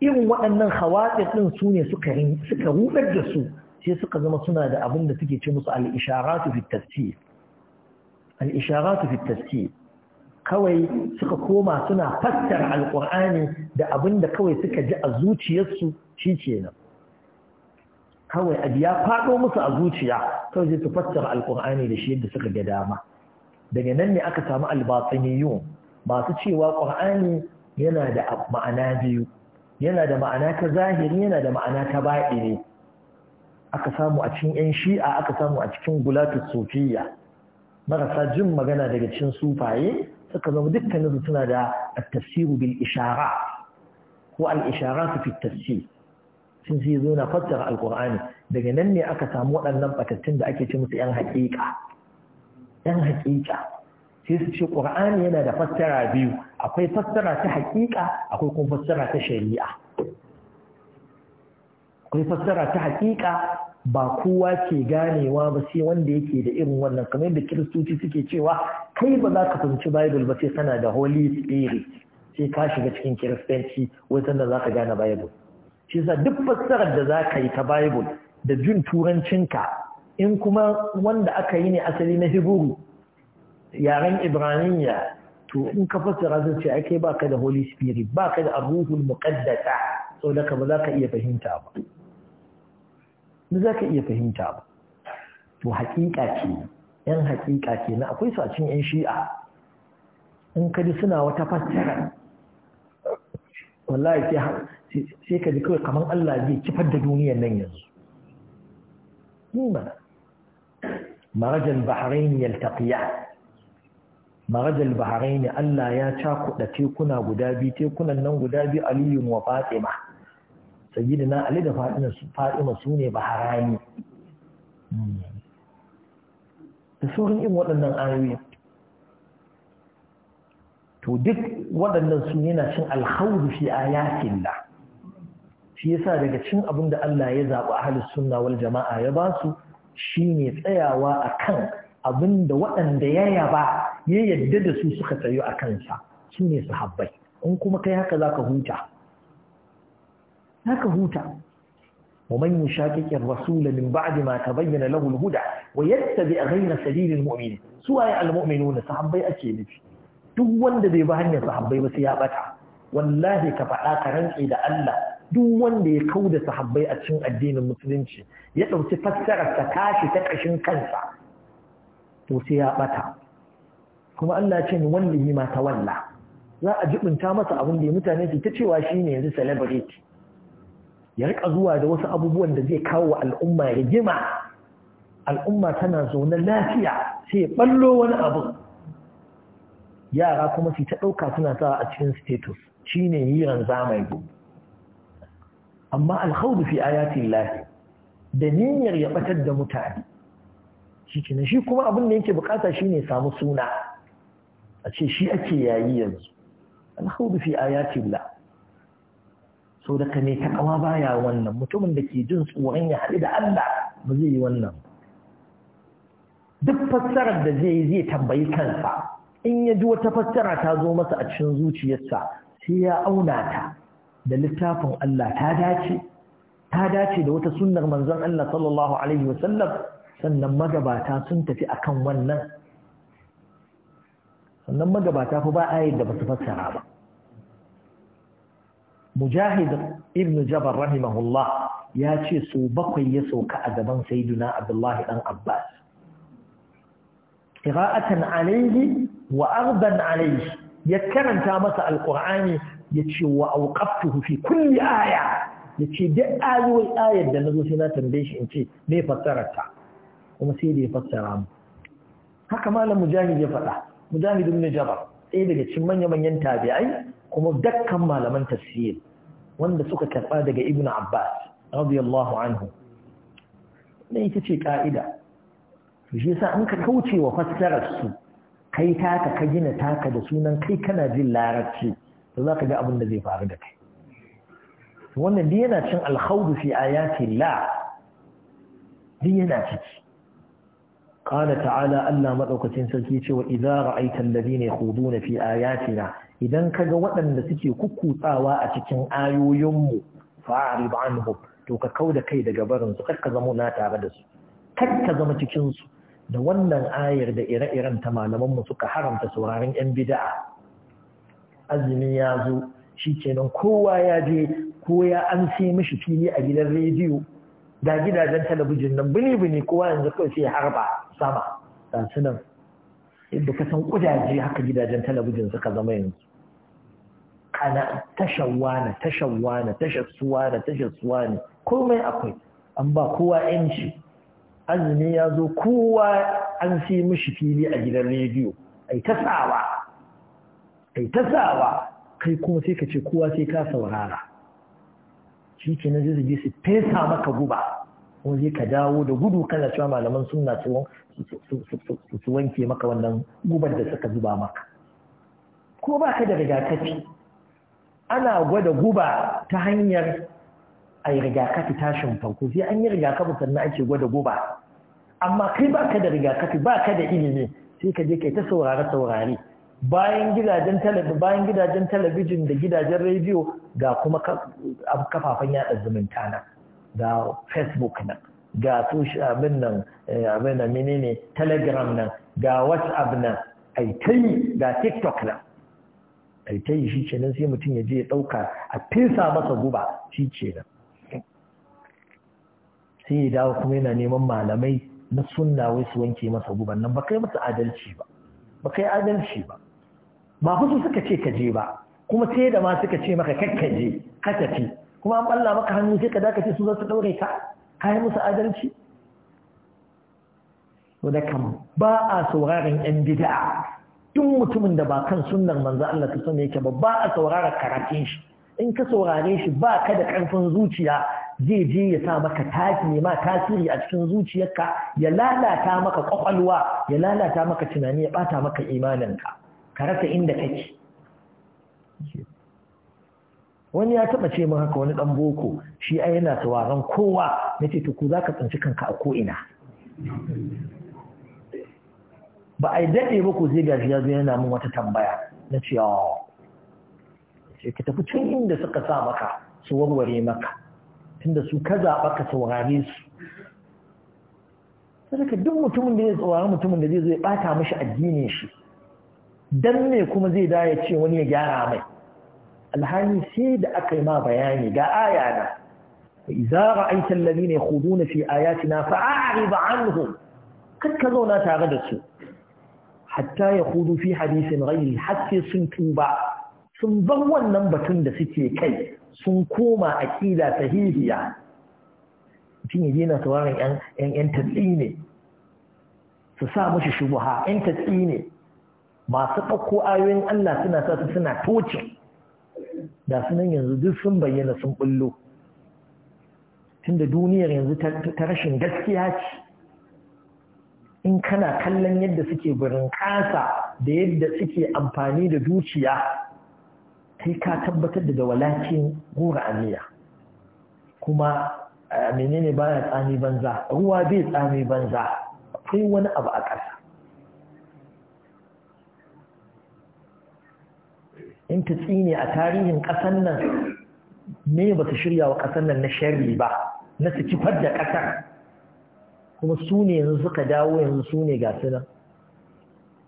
irin waɗannan hawaɗe ɗin su ne suka rudar da su sai suka zama suna da abin da suke ce musu al'isharatu fi tafsir al'isharatu fi tafsir kawai suka koma suna fassara alƙur'ani da abin da kawai suka ji a zuciyarsu shi ce nan kawai abu ya faɗo musu a zuciya kawai sai su fassara alƙur'ani da shi yadda suka ga dama daga nan ne aka samu albatsaniyun masu cewa ƙur'ani yana da ma'ana biyu yana da ma'ana ta zahiri yana da ma'ana ta ba'iri aka samu a cikin 'yan shi'a aka samu a cikin gulatu sofiya marasa jin magana daga cikin sufaye suka zama dukkanin suna da tafsiru bil ishara ko al ishara fi tafsir sun sai zo na fassara Alƙur'ani. daga nan ne aka samu waɗannan batattun da ake ce musu 'yan haƙiƙa ɗan haƙiƙa sai su ce ƙur'ani yana da fassara biyu akwai fassara ta haƙiƙa akwai kuma fassara ta shari'a akwai fassara ta haƙiƙa ba kowa ke ganewa ba sai wanda yake da irin wannan kamar yadda kiristoci suke cewa kai ba za ka fahimci bible ba sai kana da holy spirit sai ka shiga cikin kiristanci wai sanda za ka gane bible shi yasa duk fassarar da za ka yi ta bible da jin turancinka in kuma wanda aka yi ne asali na hiburu yaren ibraniya to in ka fassara sun ce ake ba ka da holy spirit ba ka da arruhul muqaddasa sau da ka ba za ka iya fahimta ba ba za ka iya fahimta ba to hakika ce yan hakika ce na akwai su a cin yan shi'a in ka ji suna wata fassara wallahi sai ka ji kawai kamar Allah zai kifar da duniyar nan yanzu ni mana مرج البحرين يلتقيان مرج البحرين ألا يا شاكو تيكونا غدابي تيكونا نن غدابي علي وفاطمة سيدنا علي فاطمة فاطمة سوني بحراني da sauran yin waɗannan ayoyi to duk waɗannan sun yana cin alhaudu fi ayatin da shi yasa daga cin abin da Allah ya zaɓi ahalus sunna wal jama'a ya ba su Shi ne tsayawa akan abin da waɗanda ya yaba ya yadda da su suka tsayo a kansa su ne sahabbai in kuma kai haka za ka huta za ka huta ومن يشاكك الرسول من بعد ما تبين له الهدى ويتبع غير Su waye سواء na sahabbai ake nufi duk wanda bai ba hanyar sahabbai ba sai ya bata wallahi ka faɗa ka rantse da Allah duk wanda ya kauda sahabbai a cikin addinin musulunci ya ɗauki fassarar ta tashi ta ƙashin kansa to sai ya ɓata kuma Allah ce ni wanda yi ma ta walla za a jibinta masa abin da ya mutane ke ta cewa shi ne yanzu celebrity ya rika zuwa da wasu abubuwan da zai kawo wa al'umma rigima al'umma tana zaune lafiya sai ya wani abu yara kuma su ta ɗauka suna sa a cikin status shine yiran zamani amma alkhawdu fi ayatin lahi da niyyar ya batar da mutane shi kenan shi kuma abin da yake bukata shine samu suna a ce shi ake yayi yanzu alkhawdu fi ayatin lahi so da ka ne takawa baya wannan mutumin da ke jin tsoron ya haɗu da Allah ba zai yi wannan duk fassarar da zai yi zai tambayi kansa in ya ji wata fassara ta zo masa a cikin zuciyarsa sai ya auna ta da littafin Allah ta dace ta dace da wata sunnar manzon Allah sallallahu alaihi wasallam sannan magabata sun tafi akan wannan sannan magabata fa ba ayat da basu fassara ba mujahid ibn jabr rahimahullah ya ce su bakwai ya sauka a gaban sayyiduna abdullahi dan abbas qira'atan alayhi wa ardan alayhi ya karanta masa alqur'ani ya ce wa auqaftuhu fi kulli aya ya ce duk ayoyi ayar da nazo sai na tambaye shi in ce me fassararta. kuma sai da ya fassara mu haka malam mujahid ya faɗa mujahid ibn jabal ɗaya daga cikin manya-manyan tabi'ai kuma dakkan malaman tafsir wanda suka karɓa daga ibn abbas radiyallahu anhu ne ita ce ka'ida to shi yasa in ka kauce wa fassarar su kai taka ka gina taka da sunan kai kana jin larabci to za ka ga abin da zai faru da kai wannan duk yana cin alhaudu fi ayati la duk yana ciki qala ta'ala Allah madaukakin sarki ce wa idza ra'aita alladhina yakhuduna fi ayatina idan kaga waɗanda suke kukkutsawa a cikin ayoyinmu fa'rid anhum to ka kauda kai daga barin su kakka zama na tare da su kakka zama cikin su da wannan ayar da ire-iren ta malaman mu suka haramta sauraron yan bid'a azumi ya zo shi kenan kowa ya je ko ya an sai mishi fili a gidan rediyo da gidajen talabijin nan bini-bini kowa yanzu kawai sai harba sama dan sunan yadda ka san kudaje haka gidajen talabijin suka zama yanzu kana tashawana tashawana tashassuwana tashassuwana komai akwai an ba kowa yanci azumi ya zo kowa an sai mishi fili a gidan rediyo ai ta tsawa kai ta sawa kai kuma sai ka ce kowa sai ka saurara shi ke nan zai su fesa maka guba kuma zai ka dawo da gudu kana cewa malaman suna su wanke maka wannan gubar da suka zuba maka ko ba ka da rigakafi ana gwada guba ta hanyar a yi rigakafi tashin farko sai an yi rigakafi sannan ake gwada guba amma kai ba ka da rigakafi ba ka da ilimi sai ka je kai ta saurare saurare bayan gidajen talabijin bayan gidajen talabijin da gidajen rediyo ga kuma kafafen yada zumunta na ga facebook na ga social abin nan eh, abin nan menene telegram nan ga whatsapp nan aitai ga tiktok nan aitai shi ce nan sai mutum ya je ya dauka a fesa masa guba shi ce nan sai ya dawo kuma yana neman malamai na sunna wai su wanke masa guba nan ba kai masa adalci ba ba kai adalci ba ba su suka ce ka je ba kuma sai da ma suka ce maka kakkaje ka tafi kuma an balla maka hannu sai ka dakace su za su daure ka ka yi musu adalci da kam ba a sauraron yan bid'a duk mutumin da ba kan sunnar manzo Allah ta sani yake ba ba a sauraron karatun shi in ka saurare shi ba ka da karfin zuciya zai je ya sa maka taki ma tasiri a cikin zuciyarka ya lalata maka kwakwalwa ya lalata maka tunani ya bata maka imaninka ka rasa inda kake wani ya taba ce min haka wani dan boko shi ai yana tawaran kowa nace to ku zaka tsinci kanka a ko'ina. Ba a yi dade ba ku zai gashi ya zo yana min wata tambaya nace oh sai ka tafi can inda suka sa maka su warware maka tunda su ka zaɓa ka saurare su sai ka duk mutumin da zai tsawaran mutumin da zai zo ya bata mishi addinin shi dan ne kuma zai da ya ce wani ya gyara mai alhani sai da aka yi ma bayani ga aya na idza ne hudu yakhuduna fi ayatina fa'rid anhum kakka zauna tare da su hatta yakhudu fi hadisin ghayri hatta sun tuba sun bar wannan batun da suke kai sun koma kila sahihiya mutum ya dena tawarin yan yan ne su sa mushi shubuha yan tatsi ne masu ɗauko ayoyin Allah suna sa su suna toce da sunan yanzu duk sun bayyana sun bullo tunda duniyar yanzu ta rashin gaskiya ce in kana kallon yadda suke birin kasa da yadda suke amfani da dukiya kai ka tabbatar da walakin gora aniya kuma menene baya tsami banza ruwa bai tsami banza akwai wani abu a ƙasa in ta tsini a tarihin ƙasar nan ne ba su shirya wa ƙasar nan na sharri ba na su kifar da ƙasar kuma su ne yanzu suka dawo yanzu su ne gasu nan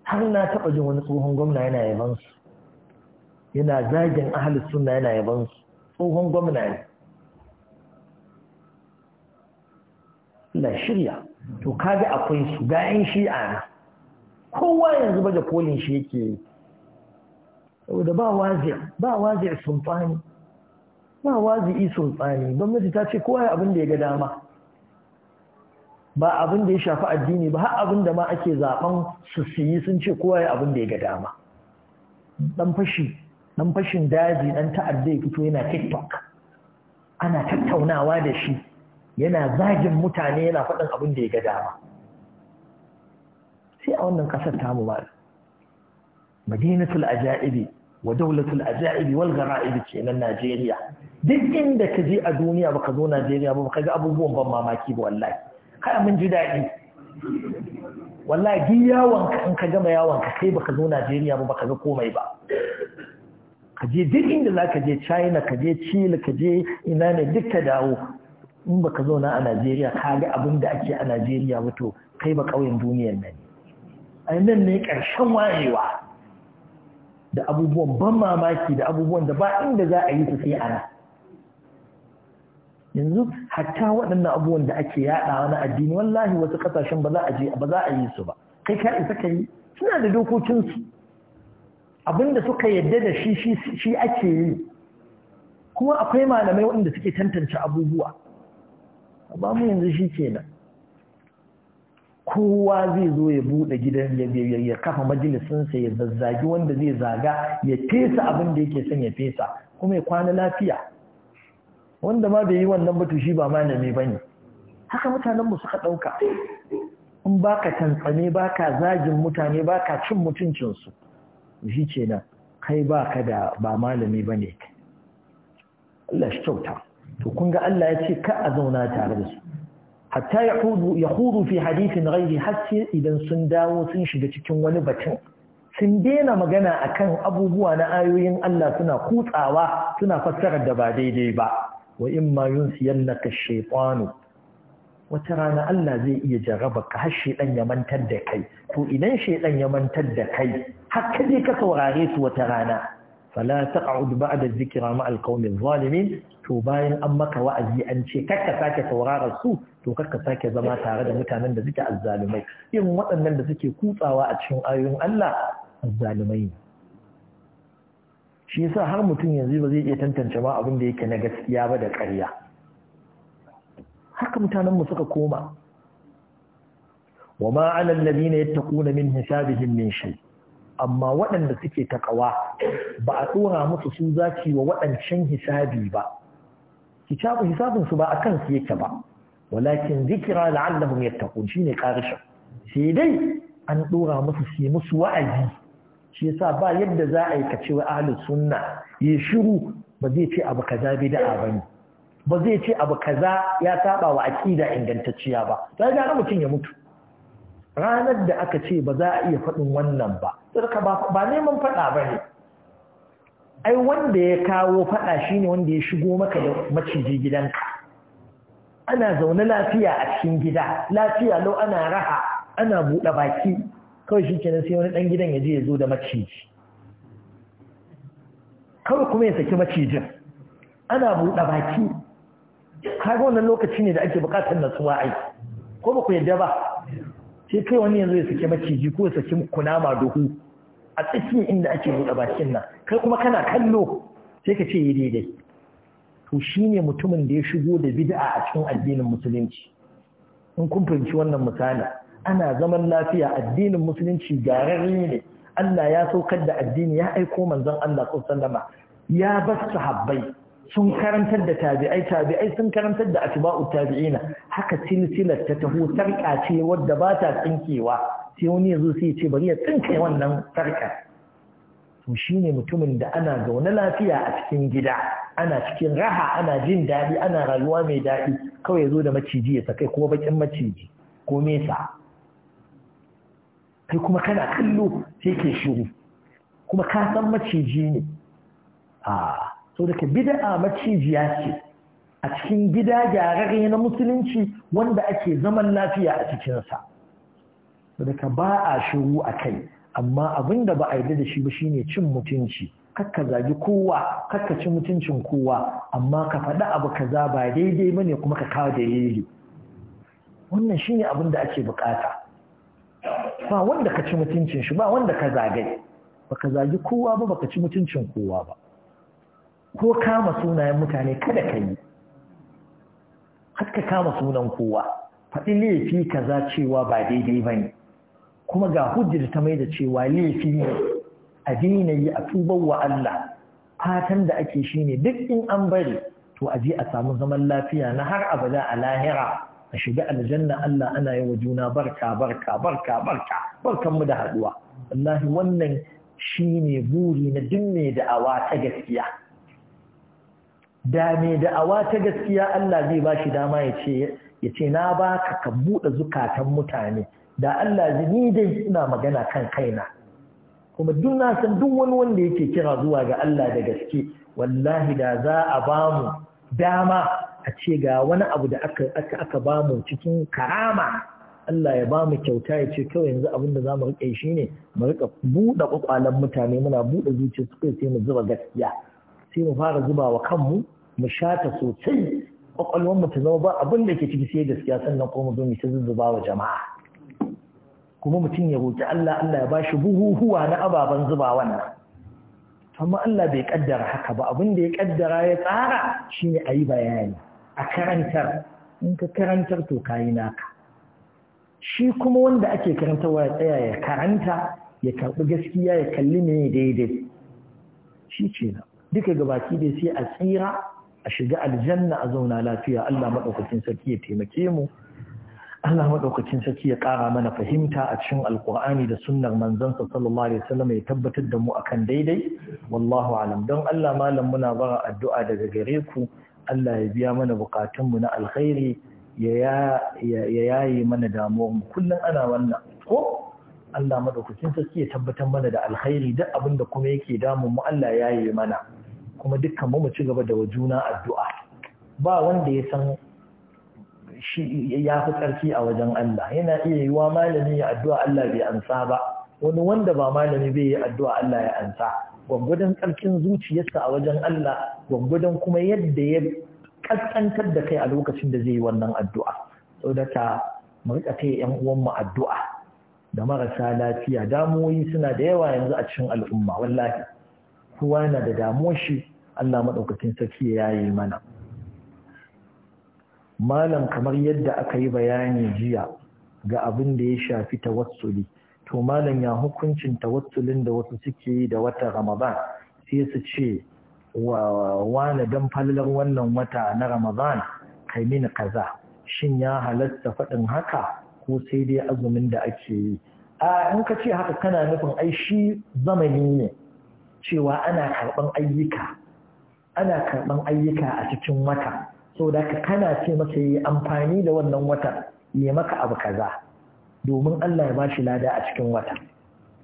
har na taɓa jin wani tsohon gwamna yana yaban su yana zagin ahalus suna yana yaban tsohon gwamna ne la shirya to kaga akwai su ga 'yan shi'a kowa yanzu baje kolin shi yake yi saboda ba wazi ba wazi sultani ba wazi sultani gwamnati ta ce kowa abin da ya ga dama ba abin da ya shafi addini ba har abin da ma ake zaben su siyi sun ce kowa abin da ya ga dama dan fashi dan fashin daji dan ta'adda ya fito yana tiktok ana tattaunawa da shi yana zagin mutane yana faɗin abin da ya ga dama sai a wannan ƙasar tamu ba madinatul ajaibi wa daulatul ajaib wal garaibi kenan Najeriya duk inda ka je a duniya baka zo Najeriya ba ka ga abubuwan ban mamaki ba wallahi kai mun ji daɗi wallahi duk yawon ka in ka gama yawon ka kai baka zo Najeriya ba baka ga komai ba ka je duk inda zaka je China ka je Chile ka je ina ne duk ka dawo in baka zo na a Najeriya ka ga abin da ake a Najeriya wato kai ba kauyen duniyar nan ai nan ne karshen wayewa da abubuwan ban mamaki da abubuwan da ba inda za a yi su sai ana yanzu hatta waɗannan abubuwan da ake yaɗa wani addini wallahi wasu ƙasashen ba za a je ba za a yi su ba kai ka isa ka yi suna da dokokinsu abinda suka yadda da shi shi ake yi kuma akwai malamai waɗanda suke tantance abubuwa ba mu yanzu shi kenan kowa zai zo ya bude gidan ya kafa majalisinsa ya zazzagi wanda zai zaga ya fesa abin da yake son ya fesa kuma ya kwana lafiya wanda ma bai yi wannan batu shi ba malami ba ne haka mutanenmu suka ɗauka in baka ka baka zagin mutane baka cin mutuncin su shi kenan kai baka da ba malami bane ne Allah shi kyauta to kun ga Allah ya ce ka a zauna tare da su hatta ya hudu fi hadithin ghairi haske idan sun dawo sun shiga cikin wani batun sun dena magana akan abubuwa na ayoyin Allah suna kutsawa suna fassarar da ba daidai ba wa in ma ka shaytanu wata rana Allah zai iya jarraba ka har shedan ya mantar da kai to idan shedan ya mantar da kai har ka je ka saurare su wata rana fala taq'ud ba'da dhikra ma alqawmi adh to bayan an maka wa'azi an ce kakka sake saurara su to kakka sake zama tare da mutanen da suke azzalumai irin waɗannan da suke kutsawa a cikin ayoyin Allah azzalumai ne shi yasa har mutum yanzu ba zai iya tantance ma abin da yake na gaskiya ba da ƙarya haka mutanen mu suka koma wa na 'ala alladhina yattaquna min hisabihim min shay' amma waɗanda suke takawa ba a tsora musu su zaki wa waɗancan hisabi ba hisabu hisabin su ba a kansu yake ba walakin zikira la'allahum yattaqun shine karishin sai dai an dora musu sai musu wa'azi shi yasa ba yadda za a yi kace wa ahlus sunna yi shiru ba zai ce abu kaza bid'a bane ba zai ce abu kaza ya saba wa aqida ingantacciya ba sai ga mutum ya mutu ranar da aka ce ba za a iya faɗin wannan ba tsirka ba neman faɗa ba ne ai wanda ya kawo faɗa shine wanda ya shigo maka da maciji gidanka ana zaune lafiya a cikin gida lafiya lau ana raha ana buɗe baki kawai shi kenan sai wani ɗan gidan ya je ya zo da maciji kawai kuma ya saki macijin ana buɗe baki kaga wannan lokaci ne da ake buƙatar natsuwa ai ko ba ku yadda ba sai kai wani yanzu ya saki maciji ko ya saki kunama duhu a tsakiya inda ake buɗe bakin nan kai kuma kana kallo sai ka ce yi daidai to ne mutumin da ya shigo da bid'a a cikin addinin musulunci in kun fahimci wannan misali ana zaman lafiya addinin musulunci gararre ne Allah ya saukar da addini ya aiko manzon Allah sallallahu alaihi wasallama ya bar sahabbai sun karantar da tabi'ai tabi'ai sun karantar da atba'u tabi'ina haka silsilar ta taho sarƙa ce wadda ba ta tsinkewa sai wani yazo zo sai ya ce bari ya tsinke wannan sarka to shine mutumin da ana zaune lafiya a cikin gida ana cikin raha ana jin daɗi ana rayuwa mai daɗi kawai yazo da maciji ya sakai kuma bakin maciji ko mesa kai kuma kana kallo sai ke shiru kuma ka san maciji ne a ah. da ka bid'a macijiya ce a cikin gida gyararre na musulunci wanda ake zaman lafiya a cikinsa daga ba a shiru a kai amma abin da ba a yi da shi ba shine cin mutunci kakka zagi kowa kakka ci mutuncin kowa amma ka faɗi abu kaza ba daidai ba ne kuma ka kawo dalili wannan shine abin da ake bukata ba wanda ka ci mutuncin shi ba wanda ka zagai ka zagi kowa ba ka ci mutuncin kowa ba ko kama sunayen mutane kada ka yi haka kama sunan kowa faɗi laifi kaza cewa ba daidai ba ne kuma ga hujjar ta mai da cewa laifi ne a daina yi a tubar wa Allah fatan da ake shi ne duk in an bari to a je a samu zaman lafiya na har abada a lahira a shiga aljanna Allah ana yi wa juna barka barka barka barka barkan mu da haduwa wallahi wannan shine buri na dunne da awa ta gaskiya da da awa ta gaskiya Allah zai ba shi dama ya ce ya ce na baka ka buɗe zukatan mutane da Allah zai ni dai ina magana kan kaina kuma duk na san duk wani wanda yake kira zuwa ga Allah da gaske wallahi da za a ba mu dama a ce ga wani abu da aka aka aka ba mu cikin karama Allah ya ba mu kyauta ya ce kawai yanzu abin da za mu riƙe shi ne mu riƙa buɗe ƙwaƙwalen mutane muna buɗe zuciya su kai sai mu zuba gaskiya sai mu fara zuba wa kanmu mu shata sosai kwakwalwar mu ta zama ba abin da ke ciki sai gaskiya sannan kuma mu zo mu ta zuzzuba wa jama'a kuma mutum ya roki Allah Allah ya bashi buhuhuwa na ababen zuba wannan amma Allah bai kaddara haka ba abin da ya kaddara ya tsara shine a yi bayani a karantar in ka karantar to kayi naka shi kuma wanda ake karantarwa ya tsaya ya karanta ya karɓi gaskiya ya kalli ne daidai shi ce na duka gabaki dai sai a tsira a shiga aljanna a zauna lafiya Allah maɗaukacin sarki ya taimake mu Allah maɗaukacin sarki ya ƙara mana fahimta a cikin alƙur'ani da sunnar manzansa sallallahu alaihi wasallam ya tabbatar da mu akan daidai wallahu alam don Allah malam muna bara addu'a daga gare ku Allah ya biya mana bukatun mu na alkhairi ya yaye mana damuwar mu kullum ana wannan ko Allah maɗaukacin sarki ya tabbatar mana da alkhairi duk abin da kuma yake damun mu Allah ya yaye mana kuma dukkan mu ci gaba da wajuna addu'a ba wanda ya san shi ya fi tsarki a wajen Allah yana iya yi wa malami ya addu'a Allah bai ansa ba wani wanda ba malami bai yi addu'a Allah ya ansa gwangwadon tsarkin zuciyarsa a wajen Allah gwangwadon kuma yadda ya kaskantar da kai a lokacin da zai yi wannan addu'a saboda ta mu rika kai yan mu addu'a da marasa lafiya damuwoyi suna da yawa yanzu a cikin al'umma wallahi kowa na da damuwar shi Allah maɗaukacin sarki ya yi mana malam kamar yadda aka yi bayani jiya ga abin da ya shafi tawatsuli, to malam ya hukuncin tawassulin da wasu suke yi da wata ramadan sai su ce wa wane dan fallar wannan wata na ramadan kai mini kaza shin ya halatta faɗin haka ko sai dai azumin da ake yi a in ka ce haka kana nufin ai shi zamani ne cewa ana karɓan ayyuka ana karɓan ayyuka a cikin wata so da ka kana ce masa yi amfani da wannan wata ne maka abu kaza domin Allah ya bashi lada a cikin wata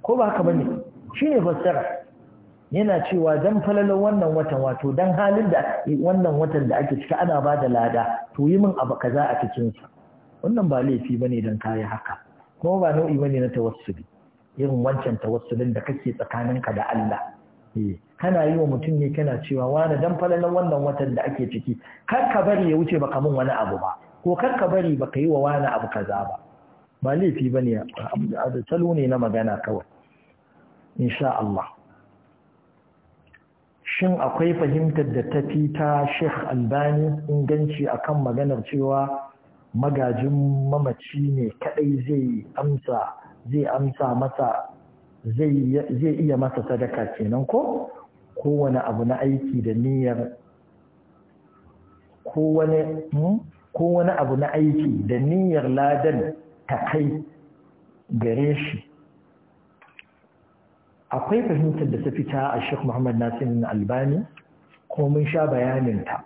ko ba haka bane ne fassara yana cewa dan falalan wannan watan wato dan halin da wannan watan da ake cika ana ba da lada to yi min abu kaza a cikin sa wannan ba laifi bane dan kai haka kuma ba nau'i bane na tawassuli irin wancan tawassulin da kake tsakaninka da Allah Eh, kana yi wa mutum ne kana cewa wani dan falalan wannan watan da ake ciki kar ka bari ya wuce baka mun wani abu ba ko kar ka bari baka yi wa wani abu kaza ba ba laifi bane da salo ne na magana kawai insha Allah shin akwai fahimtar da ta fi ta Sheikh Albani inganci akan maganar cewa magajin mamaci ne kadai zai amsa zai amsa masa zai iya masa sadaka kenan ko kowane abu na aiki da niyyar kowane hmm? abu na aiki da niyyar ladan ta kai gare shi akwai fahimtar da ta fita a Sheikh Muhammad Nasiru Albani ko mun sha bayaninta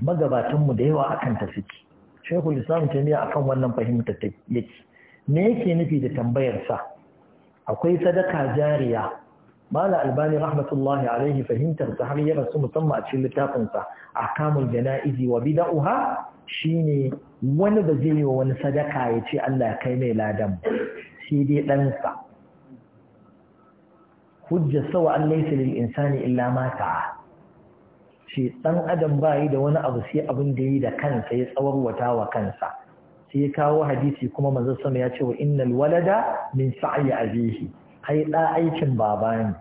magabatanmu da yawa akan ta suke Sheikhul Islam Taymiyyah akan wannan fahimtar yake ne yake nufi da tambayar sa akwai sadaka jariya mala albani rahmatullahi alaihi fahimtar ta har ya rasu musamman a cikin littafinsa a kamun jana'izi wa bida'uha shine wani ba zai yi wa wani sadaka ya ce Allah kai mai ladan sai dai ɗansa hujja sawa an laisa lil insani illa mata. shi dan adam yi da wani abu sai abin da yi da kansa ya tsawarwata wa kansa sai ya kawo hadisi kuma manzo sama ya ce wa innal walada min sa'i abihi ai da aikin baba ne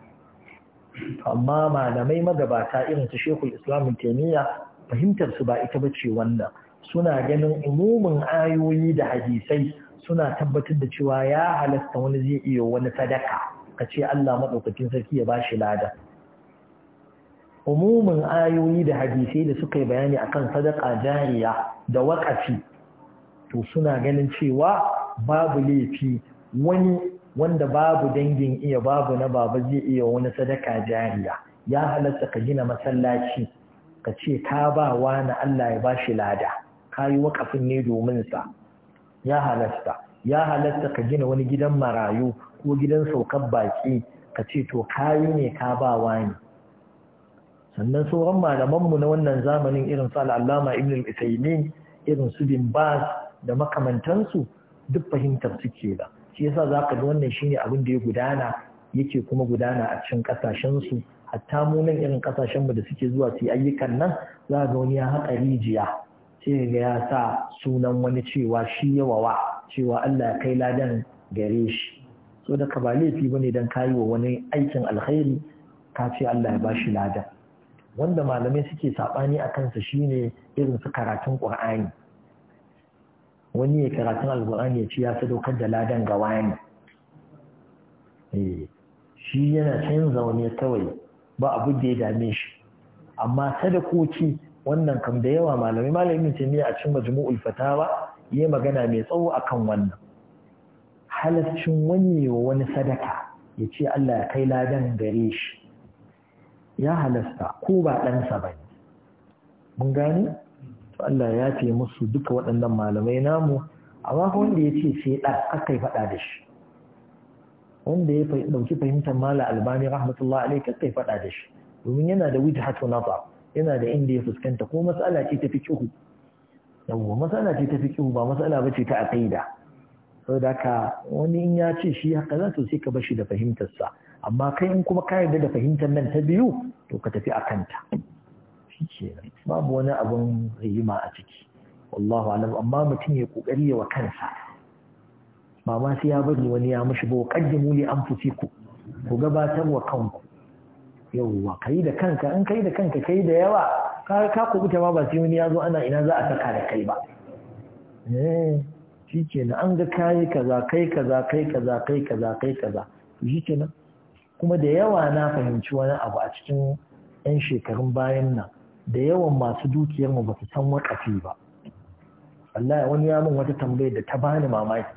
amma malamai magabata irin su shekul Islam taimiyya fahimtar su ba ita ba ce wannan suna ganin umumin ayoyi da hadisai suna tabbatar da cewa ya halasta wani zai iya wani sadaka kace Allah madaukakin sarki ya bashi lada umumin ayoyi da hadisai da suka yi bayani akan sadaka jariya da wakafi to suna ganin cewa babu laifi wani wanda babu dangin iya babu na baba zai iya wani sadaka jariya ya halatta ka gina masallaci ka ce ta ba wa na Allah ya bashi lada ka yi wakafin ne domin sa ya halatta ya halatta ka gina wani gidan marayu ko gidan saukar baki ka ce to kayi ne ka ba wa ne sannan sauran malamanmu na wannan zamanin irin su al'allama ibn al-isaimin irin su bin bas da makamantansu duk fahimtar suke ke shi yasa za ka ga wannan shine abin da ya gudana yake kuma gudana a cikin kasashensu hatta mu nan irin mu da suke zuwa su ayyukan nan za ga wani ya haƙa rijiya sai ga ya sa sunan wani cewa shi yawawa cewa Allah ya kai ladan gare shi so da ka ba laifi bane dan kayi wa wani aikin alkhairi ka ce Allah ya bashi ladan wanda malamai suke saɓani a kansa shine irin su karatun Ƙur'ani. wani ya karatun alkur'ani ya ci ya sadaukar da ladan ga wani eh, shi yana can zaune kawai ba abu da ya dame shi amma sadakoki wannan kam da yawa malamai malamin ne a cikin majmu'ul fatawa yayi magana mai tsawo a kan wannan halaccin wani wa wani sadaka ya ce Allah ya kai ladan gare shi ya halasta ko ba ɗansa ba ne? mun gani to Allah ya fi musu duka waɗannan malamai namu amma wanda ya ce sai ɗan aka yi faɗa da shi wanda ya ɗauki fahimtar mala albani rahmatullah alai aka yi faɗa da shi domin yana da wuce hatu nafa yana da inda ya fuskanta ko matsala ce ta fi kihu yawwa matsala ce ta fi kihu ba matsala ba ce ta aƙida saboda haka wani in ya ce shi haka za to sai ka bashi da fahimtarsa amma kai in kuma ka yarda da fahimtar nan ta biyu to ka tafi a kanta shi babu wani abin rigima a ciki wallahu alam amma mutum ya kokari wa kansa ba ma sai ya bari wani ya mishi ba qaddimu li anfusikum ku gabatar wa kanku yawwa kai da kanka in kai da kanka kai da yawa ka ka kubuta ma ba sai wani ya zo ana ina za a saka da kai ba eh shikenan an ga kai kaza kai kaza kai kaza kai kaza kai kaza shikenan kuma da yawa na fahimci wani abu a cikin 'yan shekarun bayan nan da yawan masu dukiyar mu ba su san wakafi ba Allah wani ya min wata tambayar da ta bani mamaki